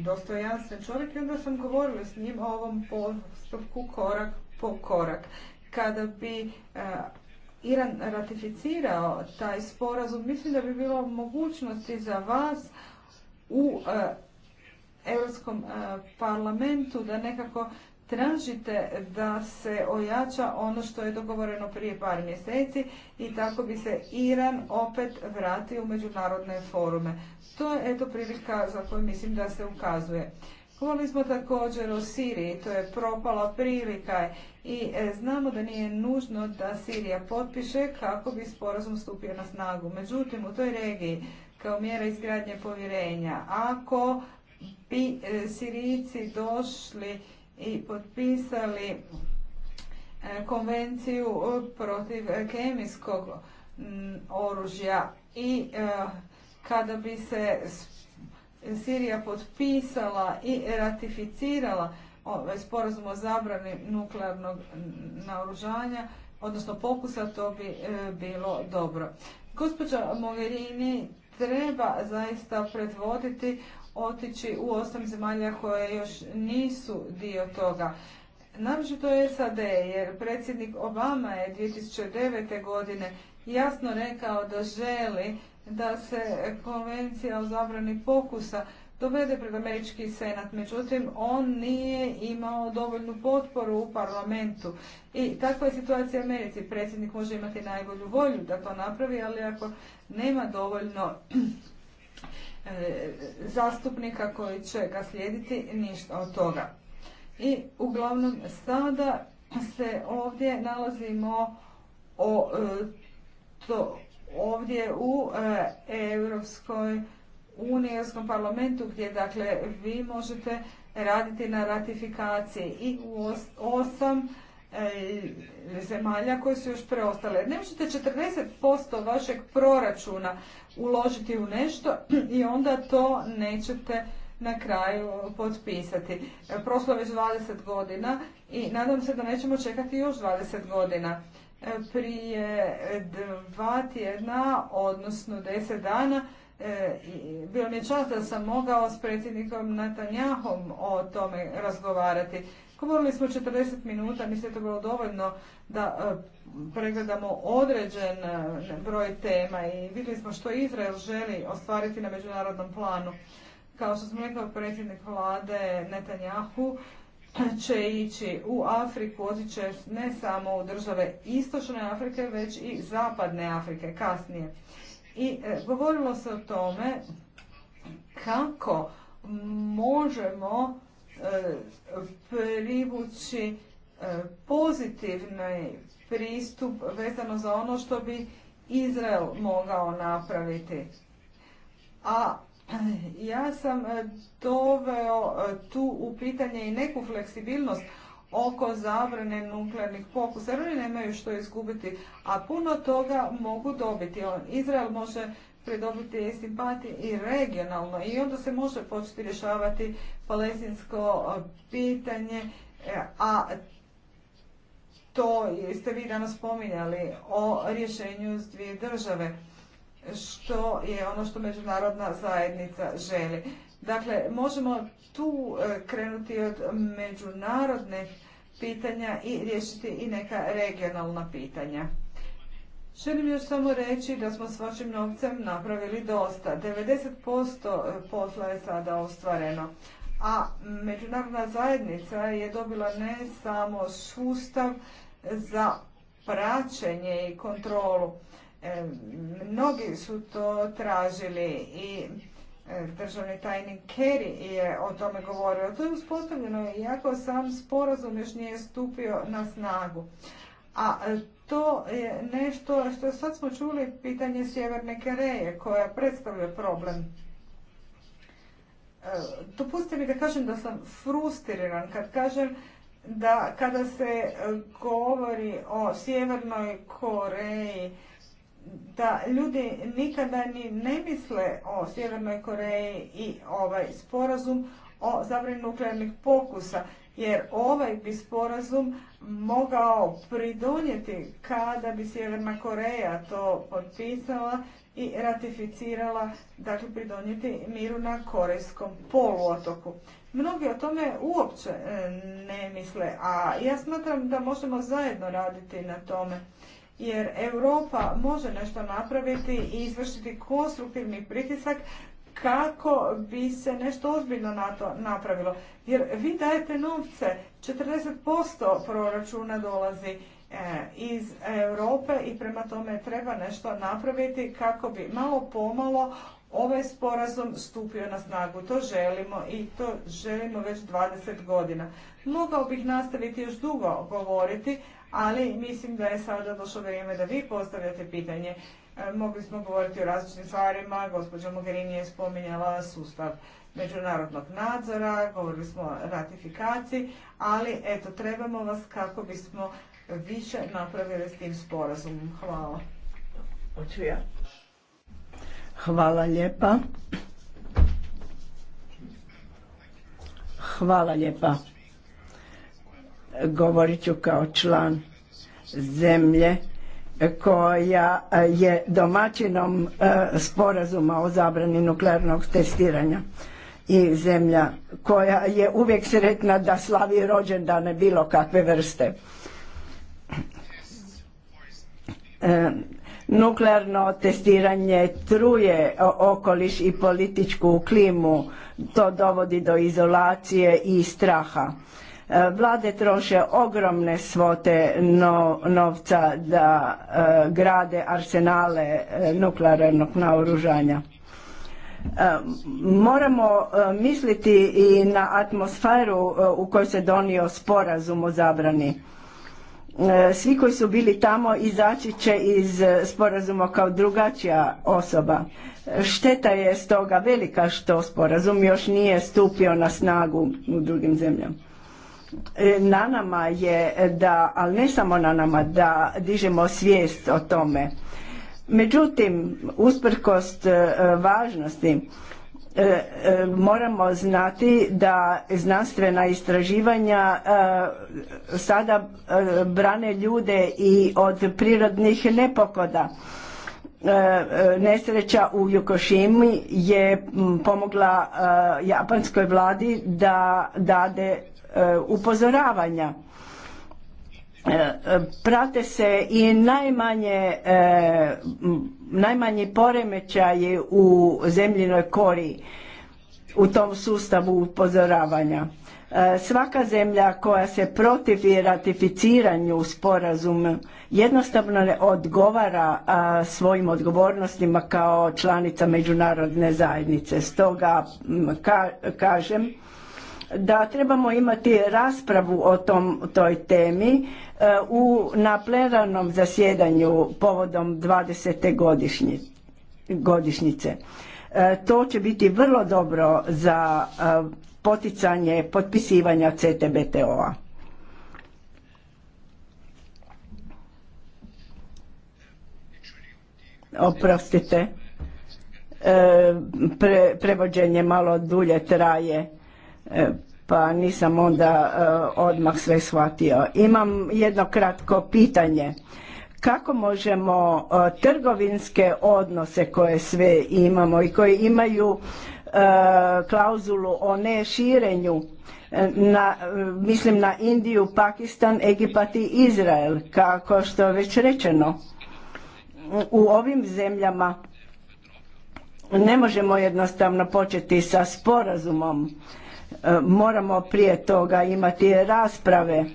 Speaker 3: dostojanstven čovjek i onda sam govorila s njim o ovom postupku korak po korak. Kada bi e, Iran ratificirao taj sporazum, mislim da bi bilo mogućnosti za vas u Europskom parlamentu da nekako tražite da se ojača ono što je dogovoreno prije par mjeseci i tako bi se Iran opet vratio u međunarodne forume. To je eto prilika za koju mislim da se ukazuje. Govorili smo također o Siriji, to je propala prilika i e, znamo da nije nužno da Sirija potpiše kako bi sporazum stupio na snagu. Međutim, u toj regiji kao mjera izgradnje povjerenja, ako bi e, Sirijci došli i potpisali e, konvenciju protiv kemijskog oružja i e, kada bi se Sirija potpisala i ratificirala ovaj sporazum o zabrani nuklearnog naoružanja, odnosno pokusa, to bi e, bilo dobro. Gospođa Mogherini treba zaista predvoditi otići u osam zemalja koje još nisu dio toga. Naročito je SAD, jer predsjednik Obama je 2009. godine jasno rekao da želi da se konvencija o zabrani pokusa dovede pred američki senat. Međutim, on nije imao dovoljnu potporu u parlamentu. I takva je situacija u Americi. Predsjednik može imati najbolju volju da to napravi, ali ako nema dovoljno E, zastupnika koji će ga slijediti ništa od toga. I uglavnom sada se ovdje nalazimo o, e, to, ovdje u e, Europskoj uniji, Europskom parlamentu gdje dakle vi možete raditi na ratifikaciji i u osam E, zemalja koje su još preostale. Ne možete 40% vašeg proračuna uložiti u nešto i onda to nećete na kraju potpisati. E, prošlo je već 20 godina i nadam se da nećemo čekati još 20 godina. E, prije dva tjedna, odnosno deset dana, bilo mi je čast da sam mogao s predsjednikom Natanjahom o tome razgovarati. Govorili smo 40 minuta, mislim da je to bilo dovoljno da e, pregledamo određen e, broj tema i vidjeli smo što Izrael želi ostvariti na međunarodnom planu. Kao što smo rekao, predsjednik vlade Netanjahu će ići u Afriku, otići ne samo u države istočne Afrike, već i zapadne Afrike kasnije. I e, govorilo se o tome kako možemo privući e, pozitivni pristup vezano za ono što bi Izrael mogao napraviti. A ja sam e, doveo e, tu u pitanje i neku fleksibilnost oko zabrane nuklearnih pokusa, jer oni nemaju što izgubiti, a puno toga mogu dobiti. Izrael može pridobiti simpatije i regionalno i onda se može početi rješavati palestinsko e, pitanje, e, a to ste vi danas spominjali o rješenju s dvije države, što je ono što međunarodna zajednica želi. Dakle, možemo tu e, krenuti od međunarodnih pitanja i riješiti i neka regionalna pitanja. Želim još samo reći da smo s vašim novcem napravili dosta. 90% e, posla je sada ostvareno. A međunarodna zajednica je dobila ne samo sustav za praćenje i kontrolu. E, mnogi su to tražili i e, državni tajnik Kerry je o tome govorio. To je uspostavljeno iako sam sporazum još nije stupio na snagu. A to je nešto što sad smo čuli pitanje Sjeverne Koreje koja predstavlja problem. E, dopustite mi da kažem da sam frustriran kad kažem da kada se e, govori o Sjevernoj Koreji da ljudi nikada ni ne misle o Sjevernoj Koreji i ovaj sporazum o zabrani nuklearnih pokusa jer ovaj bi sporazum mogao pridonijeti kada bi Sjeverna Koreja to potpisala i ratificirala, dakle pridonijeti miru na Korejskom poluotoku. Mnogi o tome uopće e, ne misle, a ja smatram da možemo zajedno raditi na tome. Jer Europa može nešto napraviti i izvršiti konstruktivni pritisak kako bi se nešto ozbiljno na to napravilo. Jer vi dajete novce, 40% proračuna dolazi e, iz Europe i prema tome treba nešto napraviti kako bi malo pomalo ovaj sporazum stupio na snagu. To želimo i to želimo već 20 godina. Mogao bih nastaviti još dugo govoriti, ali mislim da je sada došlo vrijeme da vi postavljate pitanje. E, mogli smo govoriti o različitim stvarima, gospođa Mogherini je spominjala sustav međunarodnog nadzora, govorili smo o ratifikaciji, ali eto, trebamo vas kako bismo više napravili s tim sporazumom. Hvala. Hoću
Speaker 1: Hvala lijepa. Hvala lijepa. Govorit ću kao član zemlje koja e, je domaćinom e, sporazuma o zabrani nuklearnog testiranja i zemlja koja je uvijek sretna da slavi rođendane bilo kakve vrste. E, nuklearno testiranje truje okoliš i političku klimu, to dovodi do izolacije i straha. E, vlade troše ogromne svote novca da e, grade arsenale e, nuklearnog naoružanja. moramo misliti i na atmosferu u kojoj se donio sporazum o zabrani. Svi koji su bili tamo izaći će iz sporazuma kao drugačija osoba. Šteta je stoga velika što sporazum još nije stupio na snagu u drugim zemljama E, na nama je da, ali ne samo na nama, da dižemo svijest o tome. Međutim, usprkost e, važnosti, e, moramo znati da znanstvena istraživanja sada brane ljude i od prirodnih nepokoda. Nesreća u Jukošimi je pomogla japanskoj vladi da dade E, upozoravanja e, prate se i najmanje e, najmanji poremećaji u zemljinoj kori u tom sustavu upozoravanja svaka zemlja koja se protivi ratificiranju sporazuma jednostavno ne odgovara svojim odgovornostima kao članica međunarodne zajednice stoga kažem da trebamo imati raspravu o tom, toj temi e, u, na plenarnom zasjedanju povodom 20. godišnjice. E, to će biti vrlo dobro za e, poticanje potpisivanja CTBTO-a. Oprostite, Pre, prevođenje malo dulje traje E, pa nisam onda e, odmah sve shvatio. Imam jedno kratko pitanje. Kako možemo e, trgovinske odnose koje sve imamo i koje imaju klauzulu o neširenju na, mislim na Indiju, Pakistan, Egipat i Izrael, kako što je već rečeno. U ovim zemljama ne možemo jednostavno početi sa sporazumom moramo prije toga imati rasprave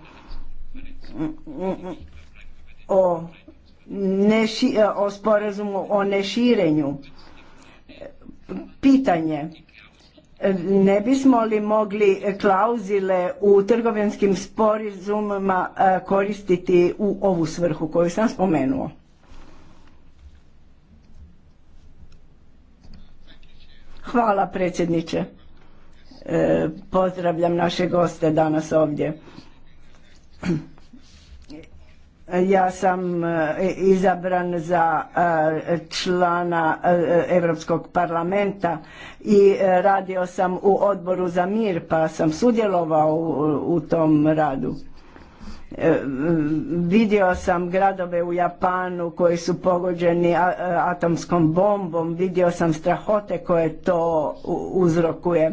Speaker 1: o, neši, o sporazumu o neširenju. Pitanje, ne bismo li mogli klauzile u trgovinskim sporazumima e, koristiti u ovu svrhu koju sam spomenuo? Hvala predsjedniče. E, pozdravljam naše goste danas ovdje. Ja sam e, izabran za e, člana Europskog parlamenta i radio sam u odboru za mir pa sam sudjelovao u, tom radu. vidio sam gradove u Japanu koji su pogođeni atomskom bombom, vidio sam strahote koje to uzrokuje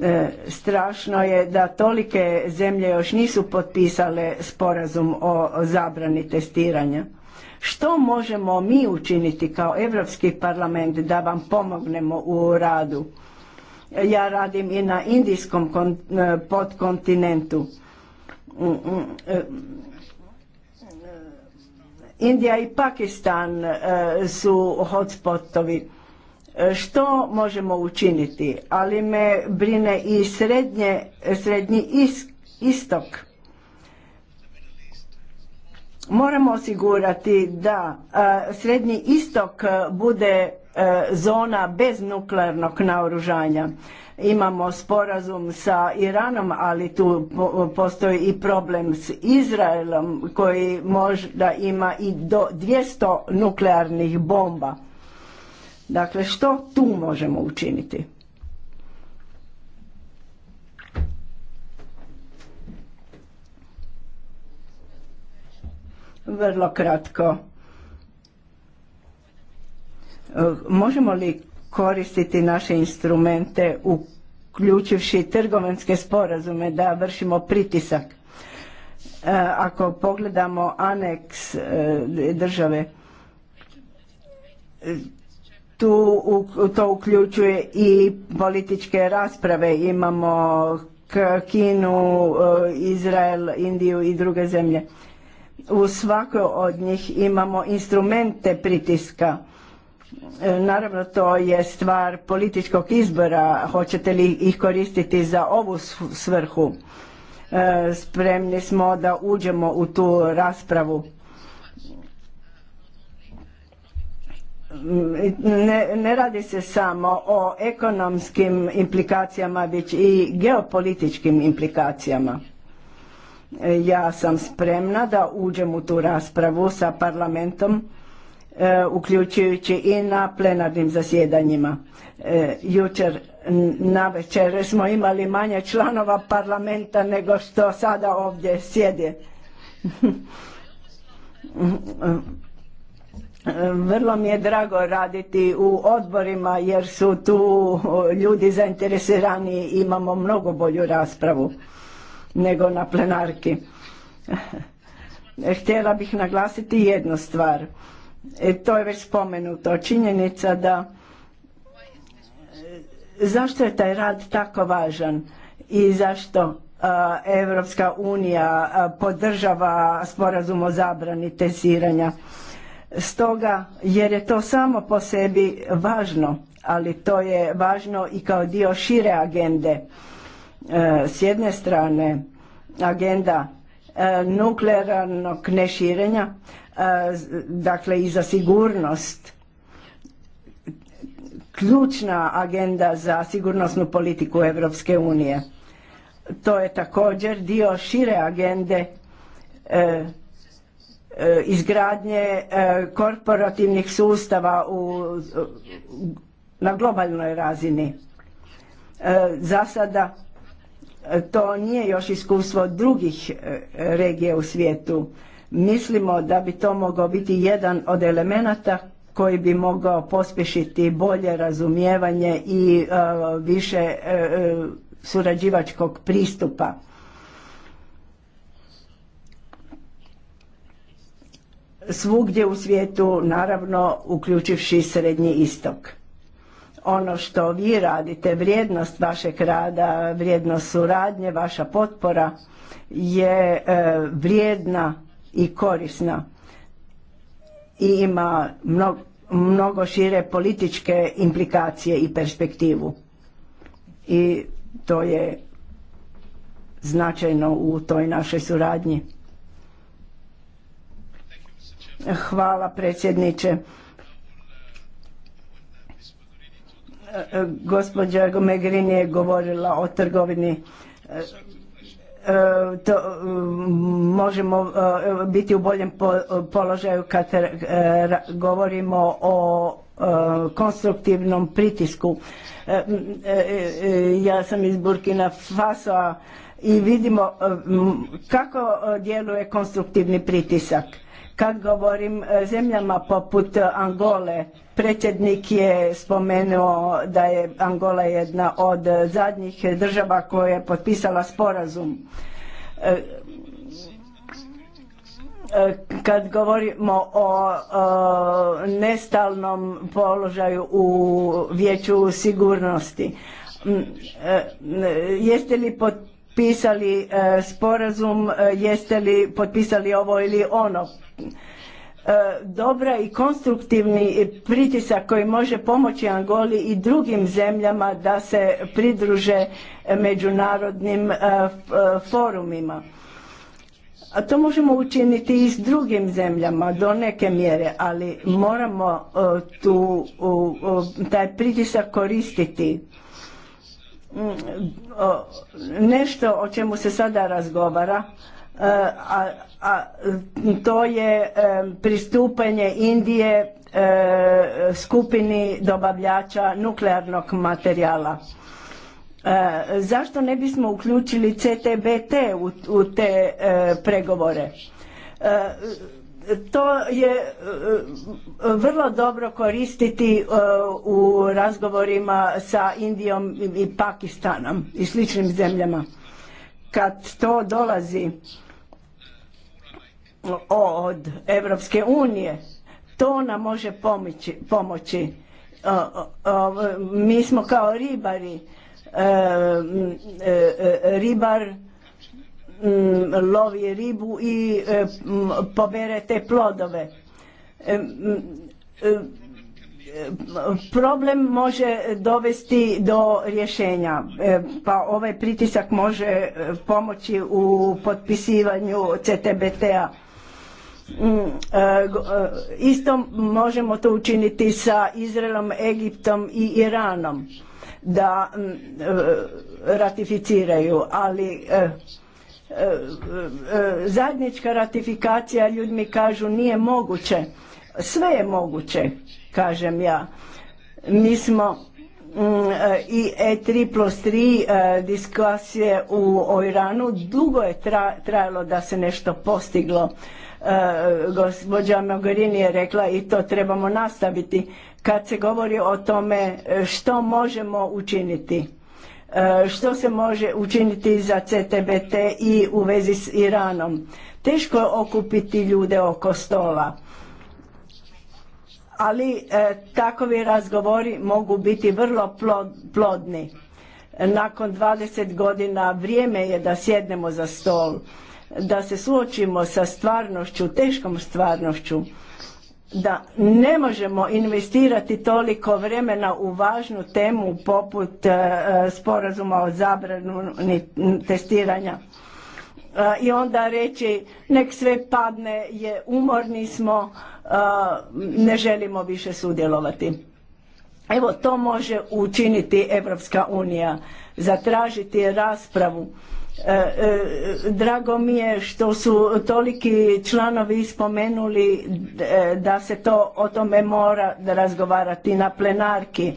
Speaker 1: E, strašno je da tolike zemlje još nisu potpisale sporazum o zabrani testiranja. Što možemo mi učiniti kao Europski parlament da vam pomognemo u radu? Ja radim i na indijskom e, podkontinentu. Mm, mm, e, Indija i Pakistan su hotspotovi što možemo učiniti? Ali me brine i srednje, srednji istok. Moramo osigurati da srednji istok bude zona bez nuklearnog naoružanja. Imamo sporazum sa Iranom, ali tu postoji i problem s Izraelom koji možda ima i do 200 nuklearnih bomba. Dakle, što tu možemo učiniti? Vrlo kratko. E, možemo li koristiti naše instrumente uključivši trgovinske sporazume da vršimo pritisak? E, ako pogledamo aneks e, države, tu to uključuje i političke rasprave imamo Kinu, e, Izrael, Indiju i druge zemlje. U svakoj od njih imamo instrumente pritiska. E, naravno to je stvar političkog izbora, hoćete li ih koristiti za ovu svrhu. E, spremni smo da uđemo u tu raspravu ne, radi se samo o ekonomskim implikacijama već i geopolitičkim implikacijama ja sam spremna da uđem u tu raspravu sa parlamentom e, uključujući i na plenarnim zasjedanjima e, jučer na večer smo imali manje članova parlamenta nego što sada ovdje sjede e, vrlo mi je drago raditi u odborima jer su tu ljudi zainteresirani i imamo mnogo bolju raspravu nego na plenarki. Htjela bih naglasiti jednu stvar. E, to je već spomenuto. Činjenica da e, zašto je taj rad tako važan i zašto Evropska unija podržava sporazum o zabrani tesiranja Stoga, jer je to samo po sebi važno, ali to je važno i kao dio šire agende. E, s jedne strane, agenda e, nuklearnog neširenja, e, dakle i za sigurnost, ključna agenda za sigurnosnu politiku Europske unije. To je također dio šire agende Eh, izgradnje eh, korporativnih sustava na globalnoj razini. Eh, za sada to nije još iskustvo drugih regija u svijetu. Mislimo da bi to mogao biti jedan od elemenata koji bi mogao pospješiti bolje razumijevanje i više surađivačkog pristupa svugdje u svijetu, naravno uključivši Srednji istok. Ono što vi radite, vrijednost vašeg rada, vrijednost suradnje, vaša potpora je e, vrijedna i korisna i ima mnogo, šire političke implikacije i perspektivu. I to je značajno u toj našoj suradnji. Hvala predsjedniče. Gospođa Megrini je govorila o trgovini. To, možemo biti u boljem položaju kad govorimo o konstruktivnom pritisku. Ja sam iz Burkina Faso i vidimo kako djeluje konstruktivni pritisak kad govorim e, zemljama poput e, Angole, predsjednik je spomenuo da je Angola jedna od e, zadnjih država koja je potpisala sporazum. Kad govorimo o nestalnom položaju u vijeću sigurnosti, jeste li potpisali potpisali e, sporazum, e, jeste li potpisali ovo ili ono. E, dobra i konstruktivni pritisak koji može pomoći Angoli i drugim zemljama da se pridruže međunarodnim forumima. to možemo učiniti i s drugim zemljama do neke mjere, ali moramo tu taj pritisak koristiti Mm, nešto o čemu se sada razgovara, e, a, a to je e, pristupanje Indije e, skupini dobavljača nuklearnog materijala. Zašto ne bismo uključili CTBT u, u te pregovore? To je e, vrlo dobro koristiti e, u razgovorima sa Indijom i Pakistanom i sličnim zemljama. Kad to dolazi od Evropske unije, to nam može pomoći. E, mi smo kao ribari, ribar Mm, lovi ribu i e, pobere te plodove. E, e, problem može dovesti do rješenja, pa ovaj pritisak može pomoći u potpisivanju CTBT-a. Mm, isto možemo to učiniti sa Izraelom, Egiptom i Iranom da mm, ratificiraju, ali E, e, zajednička ratifikacija ljudi mi kažu nije moguće sve je moguće kažem ja mi smo mm, e, i E3 plus 3 diskusije u Iranu dugo je trajalo da se nešto postiglo gospođa Mogherini je rekla i to trebamo nastaviti kad se govori o tome što možemo učiniti E, što se može učiniti za CTBT i u vezi s Iranom. Teško je okupiti ljude oko stola, ali e, takovi razgovori mogu biti vrlo plodni. Nakon 20 godina vrijeme je da sjednemo za stol, da se suočimo sa stvarnošću, teškom stvarnošću da ne možemo investirati toliko vremena u važnu temu poput e, sporazuma o zabranu testiranja e, i onda reći nek sve padne je umorni smo e, ne želimo više sudjelovati evo to može učiniti Europska unija zatražiti raspravu E, e, drago mi je što su toliki članovi spomenuli e, da se to o tome mora razgovarati na plenarki.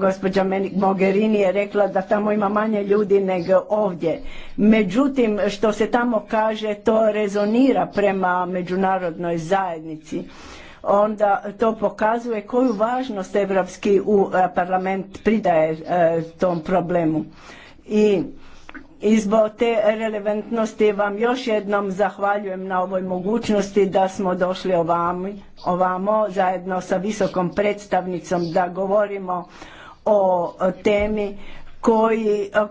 Speaker 1: Gospođa Mogherini je rekla da tamo ima manje ljudi nego ovdje. Međutim, što se tamo kaže, to rezonira prema međunarodnoj zajednici onda to pokazuje koju važnost Europski parlament pridaje tom problemu. I i zbog te relevantnosti vam još jednom zahvaljujem na ovoj mogućnosti da smo došli ovamo zajedno sa visokom predstavnicom da govorimo o temi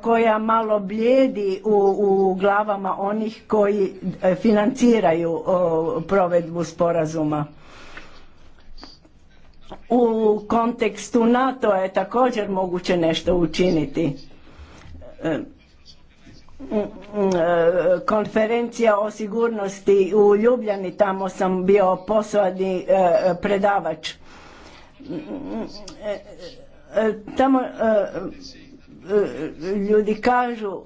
Speaker 1: koja malo blijedi u, glavama onih koji e, financiraju provedbu sporazuma. U kontekstu NATO je također moguće nešto učiniti. E, konferencija o sigurnosti u Ljubljani, tamo sam bio poslovni e, predavač. Tamo e, e, ljudi kažu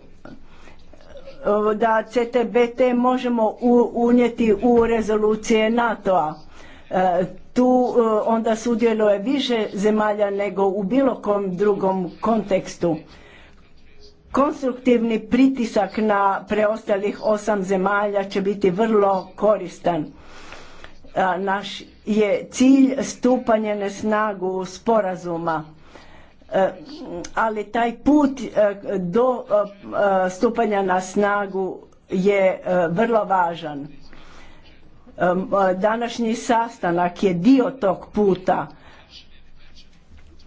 Speaker 1: da CTBT možemo unijeti u rezolucije NATO-a. Tu onda sudjeluje više zemalja nego u bilo kom drugom kontekstu konstruktivni pritisak na preostalih osam zemalja će biti vrlo koristan. Naš je cilj stupanje na snagu sporazuma, e, ali taj put e, do e, stupanja na snagu je vrlo važan. Današnji sastanak je dio tog puta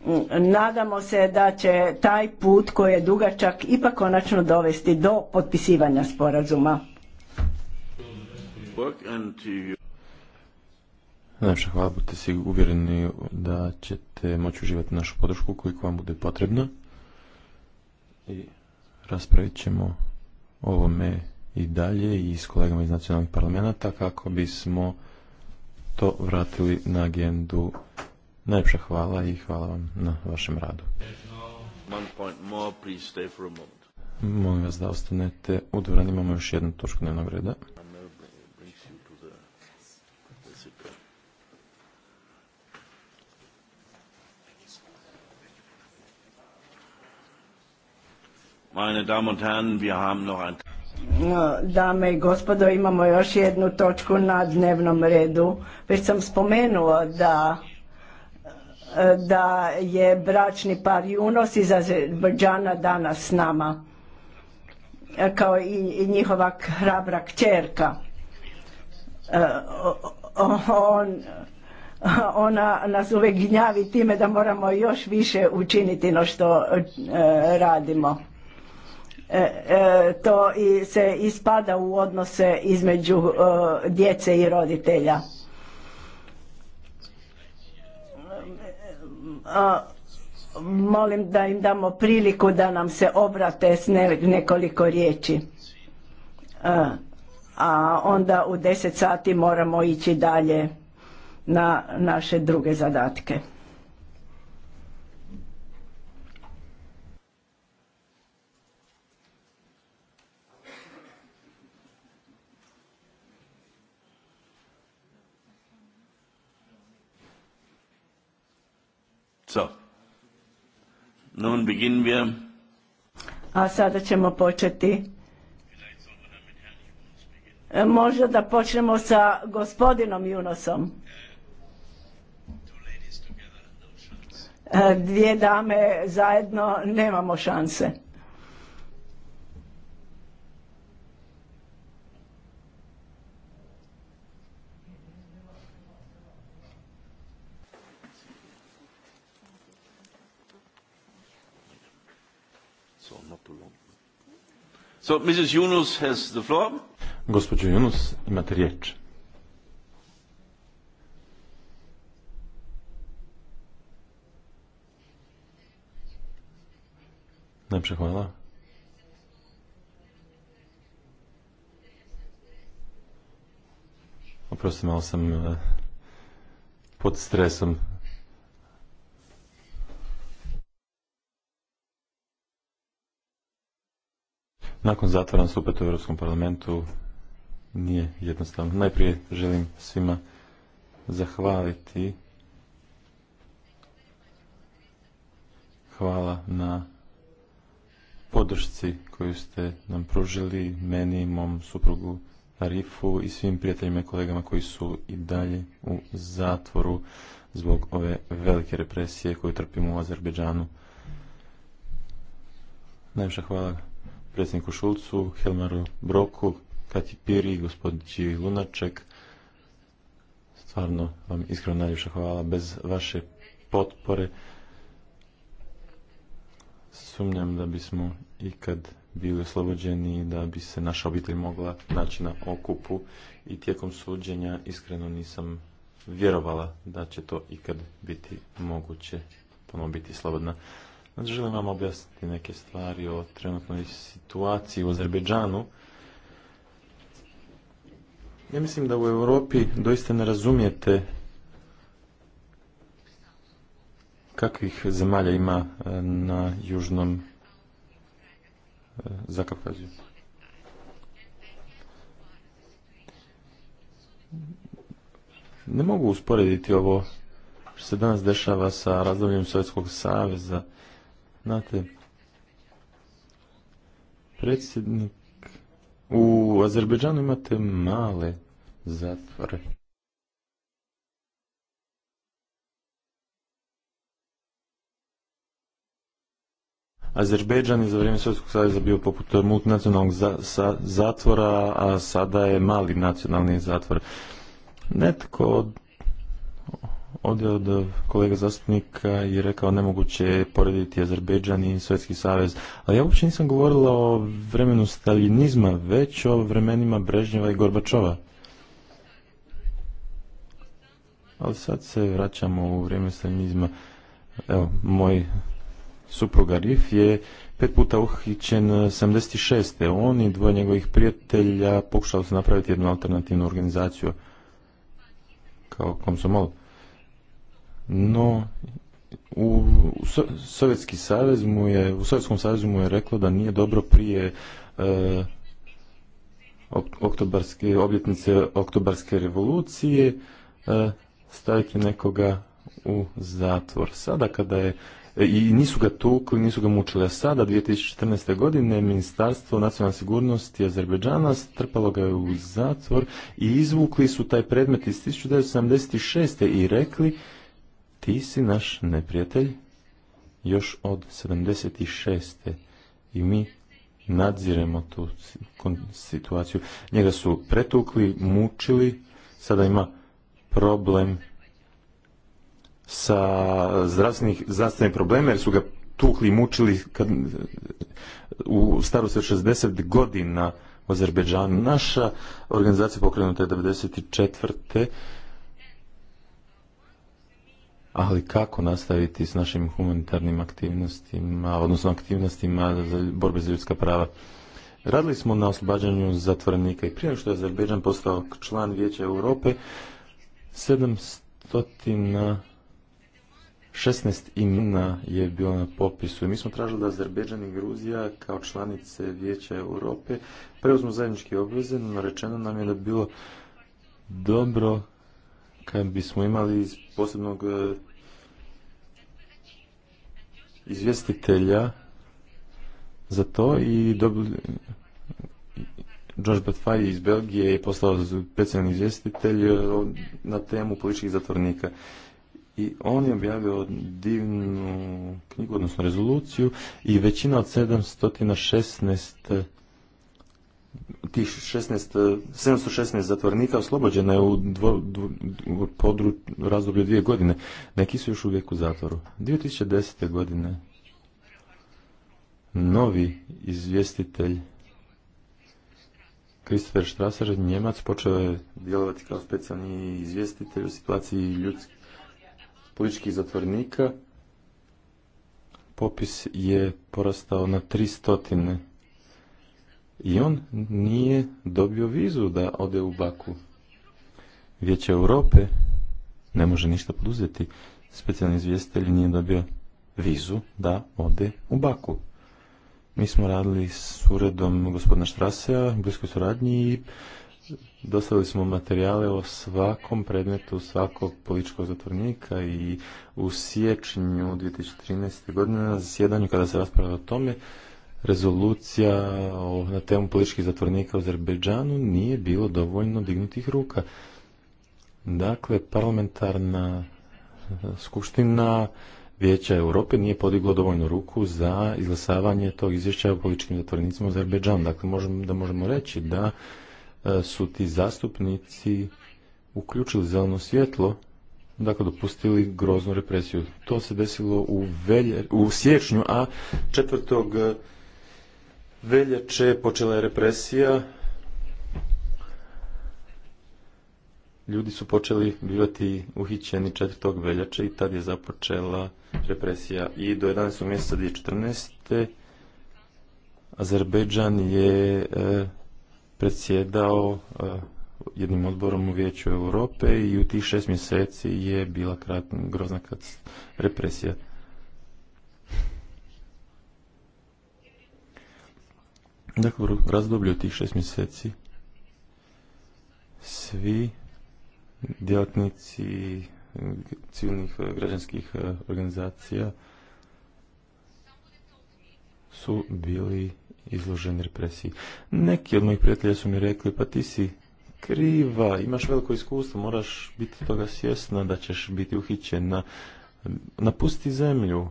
Speaker 1: Mm, nadamo se da će taj put koji je dugačak ipak konačno dovesti do potpisivanja sporazuma.
Speaker 2: Najviše hvala, budite si uvjereni da ćete moći uživati našu podršku koliko vam bude potrebno. I raspravit ćemo ovome i dalje i s kolegama iz nacionalnih parlamenta kako bismo to vratili na agendu Najljepša hvala i hvala vam na vašem radu. Molim vas da ostanete u dvorani, imamo još jednu točku dnevnog reda.
Speaker 1: Dame i gospodo, imamo još jednu točku na dnevnom redu. Već sam spomenula da da je bračni par unos iz Azerbajdžana danas s nama kao i njihova hrabra kćerka. E, ona nas uvijek gnjavi time da moramo još više učiniti no što e, radimo. E, to se ispada u odnose između djece i roditelja. molim da im damo priliku da nam se obrate s nekoliko riječi. A onda u deset sati moramo ići dalje na naše druge zadatke. So. Nun beginnen wir. A sada ćemo početi. E, možda da počnemo sa gospodinom Junosom. E, dvije dame zajedno nemamo šanse. So, Mrs. Yunus has the floor.
Speaker 2: Yunus, imate riječ. Najpše hvala. Oprosti, malo sam eh, pod stresom. Nakon zatvora stupet u Europskom parlamentu nije jednostavno. Najprije želim svima zahvaliti. Hvala na podršci koju ste nam pružili, meni, mom suprugu Arifu i svim prijateljima i kolegama koji su i dalje u zatvoru zbog ove velike represije koju trpimo u Azerbeđanu. Najviše hvala predsjedniku Šulcu, Helmaru Broku, Kati Piri, gospodin Lunaček. Stvarno vam iskreno najljepša hvala. Bez vaše potpore sumnjam da bismo ikad bili oslobođeni da bi se naša obitelj mogla naći na okupu i tijekom suđenja iskreno nisam vjerovala da će to ikad biti moguće ponovno biti slobodna. Znači, želim vam objasniti neke stvari o trenutnoj situaciji u Azerbejdžanu. Ja mislim da u Europi doista ne razumijete kakvih zemalja ima e, na južnom e, Zakavkaziju. Ne mogu usporediti ovo što se danas dešava sa razdobljem Sovjetskog saveza Znate, predsjednik,
Speaker 3: u Azerbeđanu
Speaker 2: imate male zatvore. Azerbejdžan je za vrijeme Sovjetskog saveza bio poput multinacionalnog zatvora, a sada je mali nacionalni zatvor. Netko od Ovdje od kolega zastupnika je rekao nemoguće je porediti Azerbejdžan i Svjetski savez, ali ja uopće nisam govorila o vremenu stalinizma, već o vremenima Brežnjeva i Gorbačova. Ali sad se vraćamo u vrijeme stalinizma. Evo, moj supruga arif je pet puta uhićen 76. On i dvoje njegovih prijatelja pokušali se napraviti jednu alternativnu organizaciju kao komsomol no u Sovjetski savez mu je, u Sovjetskom savezu mu je reklo da nije dobro prije e, oktobarske, obljetnice oktobarske revolucije e, staviti nekoga u zatvor. Sada kada je e, i nisu ga tukli, nisu ga mučili. A sada, 2014. godine, Ministarstvo nacionalne sigurnosti Azerbeđana strpalo ga u zatvor i izvukli su taj predmet iz 1976. i rekli ti si naš neprijatelj još od 76. i mi nadziremo tu situaciju. Njega su pretukli, mučili, sada ima problem sa zdravstvenih, zdravstvenih problema jer su ga tukli i mučili kad, u starosti od 60 godina u Azerbejdžanu. Naša organizacija pokrenuta je 94 ali kako nastaviti s našim humanitarnim aktivnostima, odnosno aktivnostima za borbe za ljudska prava. Radili smo na oslobađanju zatvorenika i prije što je Azerbejdžan postao član Vijeća Europe, 716 imena je bilo na popisu i mi smo tražili da Azerbeđan i Gruzija kao članice Vijeća Europe preuzmu zajedničke obveze, no rečeno nam je da bi bilo dobro kad bismo imali posebnog e, izvjestitelja za to i dobili George Batfaj iz Belgije je poslao specijalni izvjestitelj e, na temu političkih zatvornika. I on je objavio divnu knjigu, odnosno rezoluciju i većina od 716 tih 16, 716 zatvornika oslobođeno je u, dvo, dvo, razdoblju dvije godine. Neki su još uvijek u zatvoru. 2010. godine novi izvjestitelj Christopher Strasser, Njemac, počeo je djelovati kao specijalni izvjestitelj u situaciji ljudskih političkih zatvornika. Popis je porastao na 300 i on nije dobio vizu da ode u Baku. Vijeće Europe ne može ništa poduzeti. Specijalni izvjestitelj nije dobio vizu da ode u Baku. Mi smo radili s uredom gospodina Štrasea, bliskoj suradnji i dostavili smo materijale o svakom predmetu svakog političkog zatvornika i u siječnju 2013. godine na zasjedanju kada se raspravlja o tome rezolucija na temu političkih zatvornika u Azerbejdžanu nije bilo dovoljno dignutih ruka. Dakle, parlamentarna eh, skupština Vijeća Europe nije podiglo dovoljno ruku za izglasavanje tog izvješća o političkim zatvornicima u Azerbejdžanu. Dakle, možemo, da možemo reći da eh, su ti zastupnici uključili zeleno svjetlo, dakle dopustili groznu represiju. To se desilo u, velje, u siječnju, a četvrtog eh, veljače počela je represija. Ljudi su počeli bivati uhićeni 4. veljače i tad je započela represija. I do 11. mjeseca 2014. Azerbejdžan je e, predsjedao e, jednim odborom u Vijeću Europe i u tih šest mjeseci je bila grozna represija. Dakle, u razdoblju tih šest mjeseci svi djelatnici civilnih e, građanskih e, organizacija su bili izloženi represiji. Neki od mojih prijatelja su mi rekli, pa ti si kriva, imaš veliko iskustvo, moraš biti toga svjesna da ćeš biti uhićena, napusti zemlju,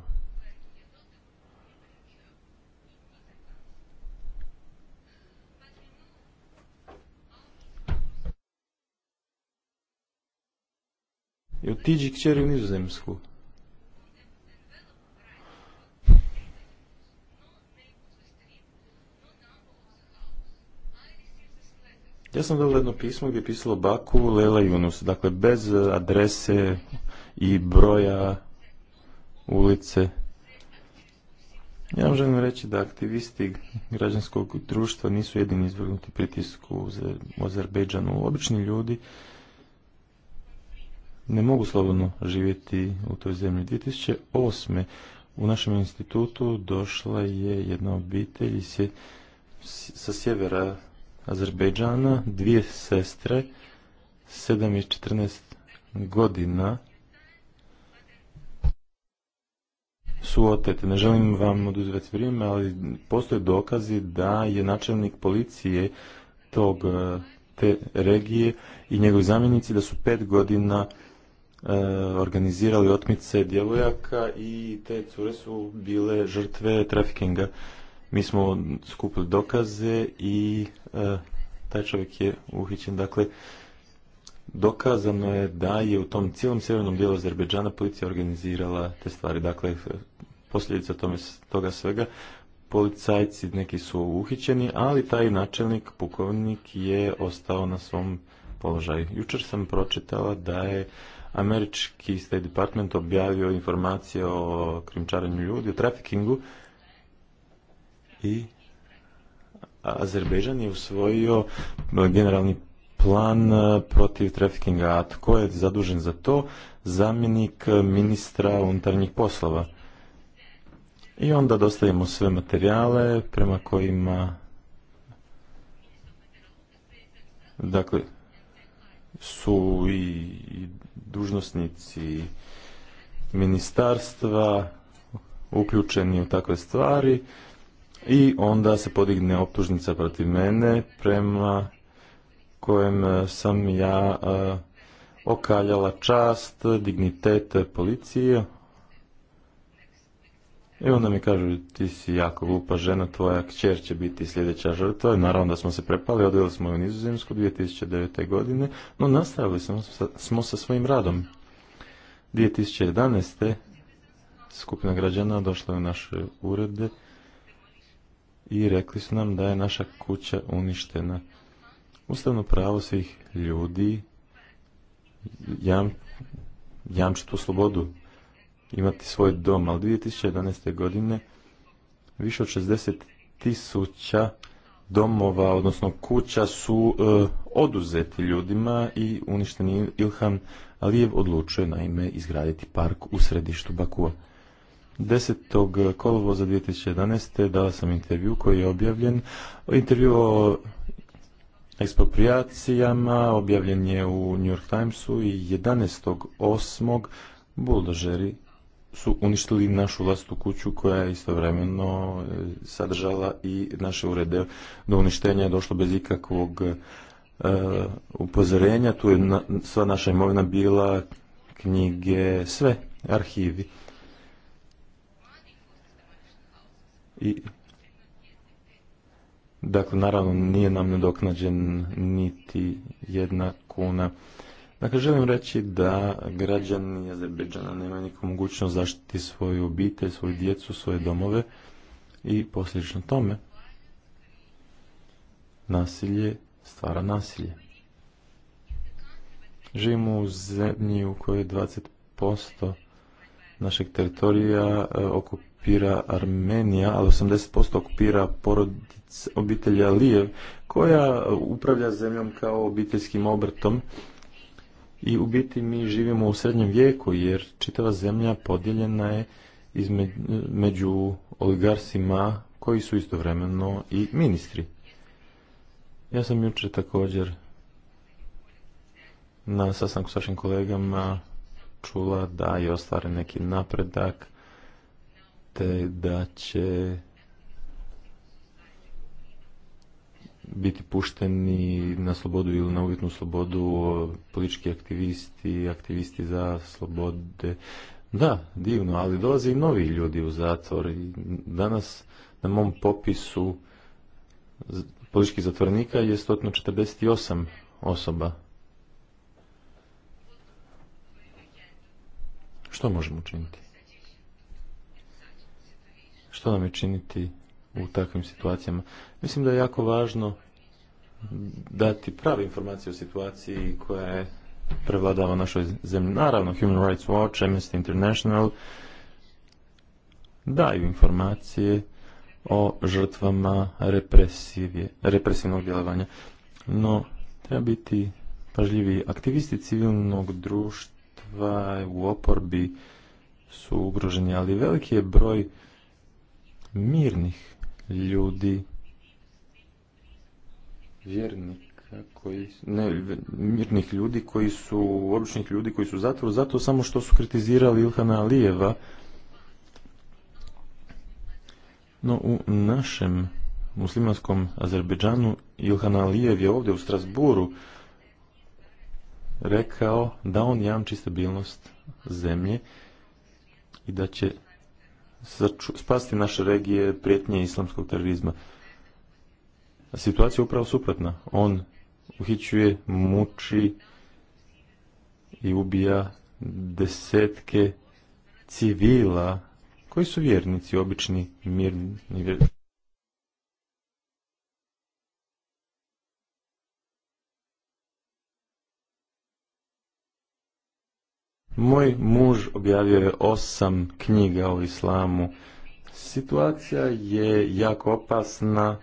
Speaker 2: i otiđi kćeri u nizozemsku. Ja sam dobro jedno pismo gdje je pisalo Baku Lela Junus, dakle bez e, adrese i broja ulice. Ja vam želim reći da aktivisti građanskog društva nisu jedini izvrgnuti pritisku u Azerbejdžanu. Obični ljudi ne mogu slobodno živjeti u toj zemlji. 2008. u našem institutu došla je jedna obitelj sa sjevera Azerbejdžana, dvije sestre, 7 i 14 godina su otete. Ne želim vam oduzeti vrijeme, ali postoje dokazi da je načelnik policije tog eh, te regije i njegovi zamjenici da su pet godina E, organizirali otmice djevojaka i te cure su bile žrtve trafikinga. Mi smo skupili dokaze i e, taj čovjek je uhićen. Dakle, dokazano je da je u tom cijelom sjevernom dijelu Azerbeđana policija organizirala te stvari. Dakle, posljedica toga svega, policajci neki su uhićeni, ali taj načelnik, pukovnik je ostao na svom položaju. Jučer sam pročitala da je američki State Department objavio informacije o krimčaranju ljudi, o trafikingu i Azerbejdžan je usvojio generalni plan eh, protiv trafikinga. A tko je zadužen za to? Zamjenik eh, ministra unutarnjih poslova. I onda dostavimo sve materijale prema kojima... Dakle, su i, dužnosnici ministarstva uključeni u takve stvari i onda se podigne optužnica protiv mene prema kojem e, sam ja e, okaljala čast, dignitet policije, i onda mi kažu, ti si jako glupa žena, tvoja kćer će biti sljedeća žrtva. Naravno da smo se prepali, odjeli smo u Nizozemsku 2009. godine, no nastavili smo sa, smo sa svojim radom. 2011. skupina građana došla u naše urede i rekli su nam da je naša kuća uništena. Ustavno pravo svih ljudi jam, jamči tu slobodu imati svoj dom, ali 2011. godine više od 60 tisuća domova, odnosno kuća su e, oduzeti ljudima i uništeni Ilham Alijev odlučuje naime izgraditi park u središtu Bakua. 10. kolovoza 2011. dala sam intervju koji je objavljen. Intervju o ekspropriacijama objavljen je u New York Timesu i 11.8. buldožeri su uništili našu vlastitu kuću koja je istovremeno e, sadržala i naše urede. Do uništenja je došlo bez ikakvog e, upozorenja. Tu je sva naša imovina bila, knjige, sve, arhivi. I Dakle, naravno, nije nam nedoknađen niti jedna kuna. Dakle, želim reći da građani Azerbejdžana nemaju nikakvu mogućnost zaštiti svoju obitelj, svoju djecu, svoje domove i posljedično tome nasilje stvara nasilje. Živimo u zemlji u kojoj 20% našeg teritorija e, okupira Armenija, ali 80% okupira porodic obitelja Lijev, koja upravlja zemljom kao obiteljskim obrtom i u biti mi živimo u srednjem vijeku jer čitava zemlja podijeljena je između, među oligarsima koji su istovremeno i ministri. Ja sam jučer također na sastanku s vašim kolegama čula da je ostvaren neki napredak te da će biti pušteni na slobodu ili na uvjetnu slobodu politički aktivisti, aktivisti za slobode. Da, divno, ali dolaze i novi ljudi u zatvor. I danas na mom popisu političkih zatvornika je 148 osoba. Što možemo učiniti? Što nam je činiti u takvim situacijama. Mislim da je jako važno dati prave informacije o situaciji koja je prevladava našoj zemlji. Naravno, Human Rights Watch, Amnesty International daju informacije o žrtvama represivnog djelovanja. No, treba biti pažljivi. Aktivisti civilnog društva u oporbi su ugroženi, ali veliki je broj mirnih ljudi vjernika koji, ne, mirnih ljudi koji su, običnih ljudi koji su u zato samo što su kritizirali Ilhana Alijeva. No u našem muslimanskom Azerbejdžanu Ilhan Alijev je ovdje u Strasburu rekao da on jamči stabilnost zemlje i da će spasti naše regije prijetnje islamskog terorizma. Situacija je upravo suprotna. On uhićuje, muči i ubija desetke civila koji su vjernici, obični mirni vjernici. Moj muž objavio je osam knjiga o islamu. Situacija je jako opasna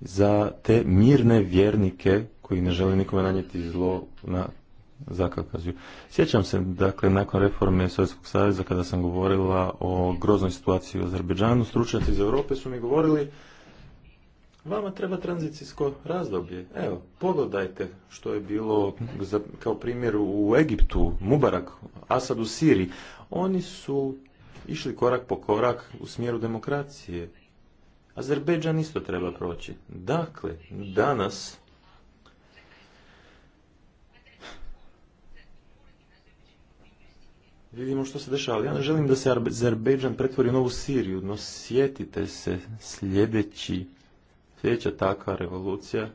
Speaker 2: za te mirne vjernike koji ne žele nikome nanijeti zlo na Zakavkazu. Sjećam se, dakle, nakon reforme Sovjetskog saveza kada sam govorila o groznoj situaciji u Azerbeđanu, stručnjaci iz Europe su mi govorili Vama treba tranzicijsko razdoblje. Evo, pogledajte što je bilo za, kao primjer u Egiptu, Mubarak, Asad u Siriji. Oni su išli korak po korak u smjeru demokracije. Azerbejdžan isto treba proći. Dakle, danas vidimo što se dešava. Ja ne želim da se Azerbejdžan pretvori u novu Siriju, no sjetite se sljedeći Sljedeća takva revolucija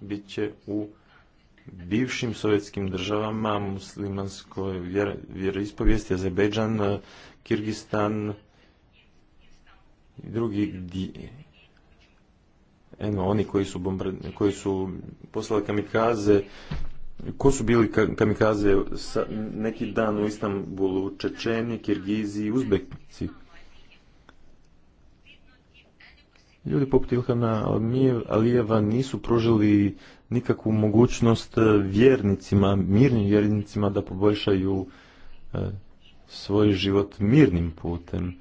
Speaker 2: bit će u bivšim sovjetskim državama, muslimanskoj vjer, vjeroispovijesti, Azerbejdžan, Kirgistan i drugi eno, oni koji su, koji su poslali kamikaze, ko su bili kamikaze sa, neki dan u Istanbulu, Čečeni, Kirgizi i Uzbekci. Ljudi poput Ilhana Alijeva nisu pružili nikakvu mogućnost e, vjernicima, mirnim vjernicima da poboljšaju e, svoj život mirnim putem.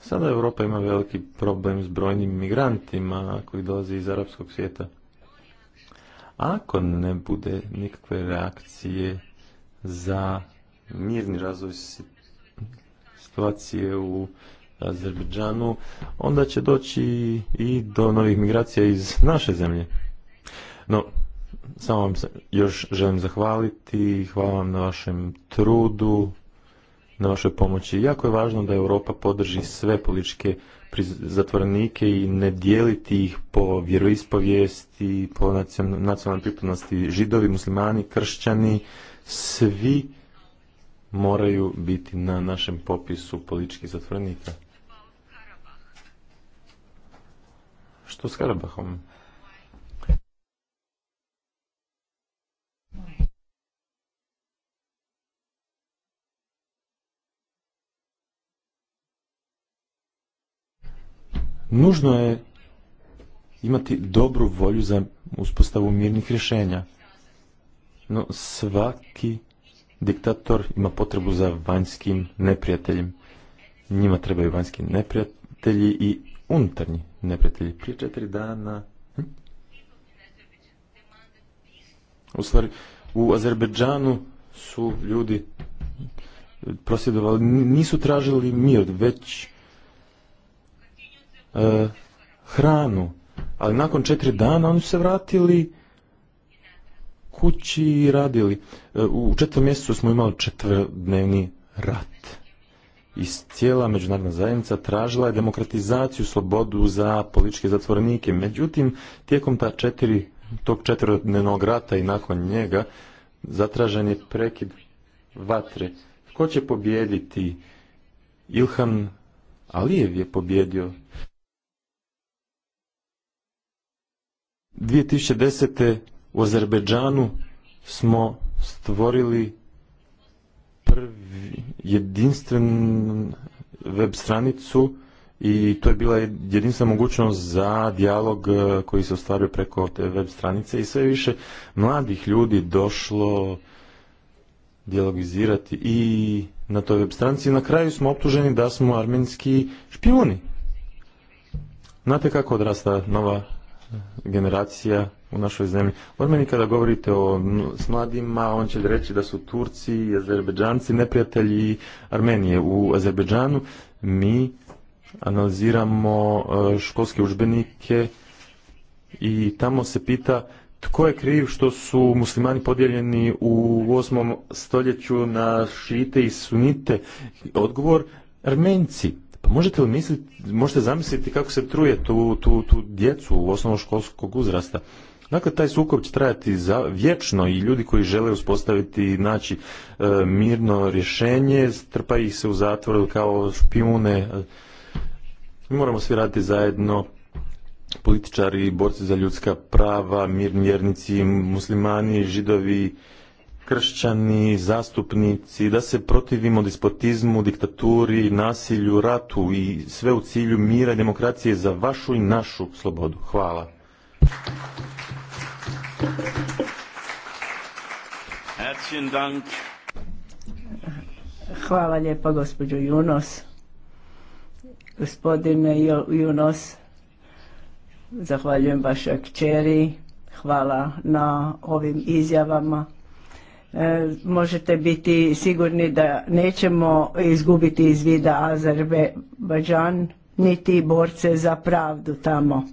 Speaker 2: Sada Europa ima veliki problem s brojnim migrantima koji dolaze iz arapskog svijeta. Ako ne bude nikakve reakcije za mirni razvoj situacije u Azerbajdžanu, onda će doći i do novih migracija iz naše zemlje. No, samo vam još želim zahvaliti, hvala vam na vašem trudu, na vašoj pomoći. Jako je važno da Europa podrži sve političke zatvorenike i ne dijeliti ih po vjeroispovijesti, po nacionalnoj pripadnosti. Židovi, muslimani, kršćani, svi moraju biti na našem popisu političkih zatvorenika. Što s Karabahom? Nužno je imati dobru volju za uspostavu mirnih rješenja. No svaki diktator ima potrebu za vanjskim neprijateljem. Njima trebaju vanjski neprijatelji i unutarnji neprijatelji. Prije četiri dana... Hm? U stvari, u Azerbeđanu su ljudi prosvjedovali, nisu tražili mir, već e, hranu. Ali nakon četiri dana oni su se vratili kući i radili. E, u četvrtom mjesecu smo imali četvrdnevni rat i cijela međunarodna zajednica tražila je demokratizaciju, slobodu za političke zatvorenike. Međutim, tijekom ta četiri, tog četvrtdnevnog rata i nakon njega zatražen je prekid vatre. Ko će pobijediti? Ilham Alijev je pobjedio. 2010. u Azerbeđanu smo stvorili prvi jedinstven web stranicu i to je bila jedinstvena mogućnost za dijalog e, koji se ostvaruje preko te web stranice i sve više mladih ljudi došlo dijalogizirati i na toj web stranici. Na kraju smo optuženi da smo armenski špijuni. Znate kako odrasta nova generacija u našoj zemlji. Od meni kada govorite o, s mladima, on će reći da su Turci i Azerbeđanci neprijatelji Armenije. U Azerbeđanu mi analiziramo e, školske udžbenike i tamo se pita tko je kriv što su muslimani podijeljeni u 8. stoljeću na šite i sunite? Odgovor, Armenci. Pa možete li misliti, možete zamisliti kako se truje tu, tu, tu djecu u osnovnoškolskog uzrasta? Dakle, taj sukob će trajati za vječno i ljudi koji žele uspostaviti naći e, mirno rješenje, strpa ih se u zatvor kao špijune. Mi moramo svi raditi zajedno, političari, borci za ljudska prava, vjernici muslimani, židovi, kršćani, zastupnici, da se protivimo dispotizmu, diktaturi, nasilju, ratu i sve u cilju mira i demokracije za vašu i našu slobodu. Hvala.
Speaker 1: Hvala lijepa gospođo Junos. Gospodine Junos, zahvaljujem vašoj kćeri, hvala na ovim izjavama. E, možete biti sigurni da nećemo izgubiti iz vida Azerbejdžan niti borce za pravdu tamo.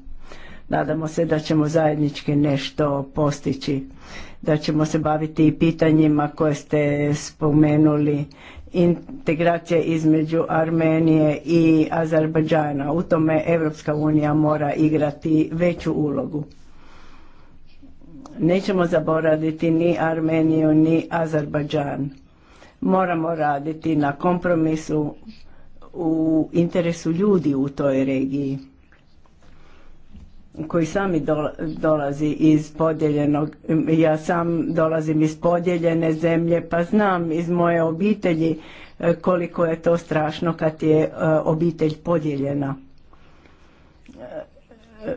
Speaker 1: Nadamo se da ćemo zajednički nešto postići, da ćemo se baviti i pitanjima koje ste spomenuli, integracija između Armenije i Azerbajdžana. U tome Evropska unija mora igrati veću ulogu. Nećemo zaboraviti ni Armeniju ni Azerbajdžan. Moramo raditi na kompromisu u interesu ljudi u toj regiji koji sami dolazi iz podijeljenog, ja sam dolazim iz podijeljene zemlje pa znam iz moje obitelji e, koliko je to strašno kad je e, obitelj podijeljena. E,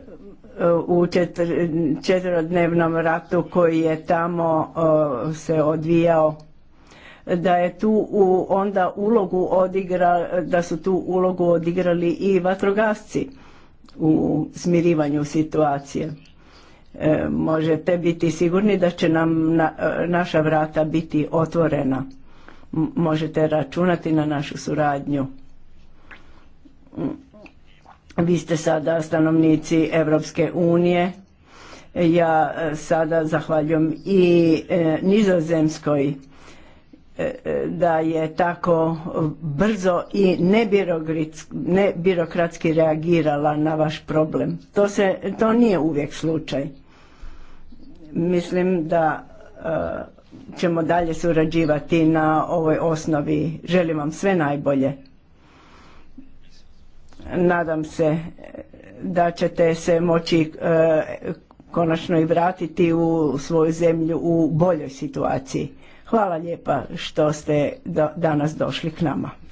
Speaker 1: u četvrodnevnom ratu koji je tamo se odvijao da je tu u, onda ulogu odigra, da su tu ulogu odigrali i vatrogasci u smirivanju situacije. E, možete biti sigurni da će nam e, naša vrata biti otvorena. možete računati na našu suradnju. Mm. Vi ste sada stanovnici Europske unije. Ja e, sada zahvaljujem i Nizozemskoj E, e, da je tako brzo i nebirokratski reagirala na vaš problem. To, se, to nije uvijek slučaj. Mislim da e, ćemo dalje surađivati na ovoj osnovi. Želim vam sve najbolje. Nadam se da ćete se moći konačno i vratiti u svoju zemlju u boljoj situaciji. Hvala lijepa što ste do, danas došli k nama.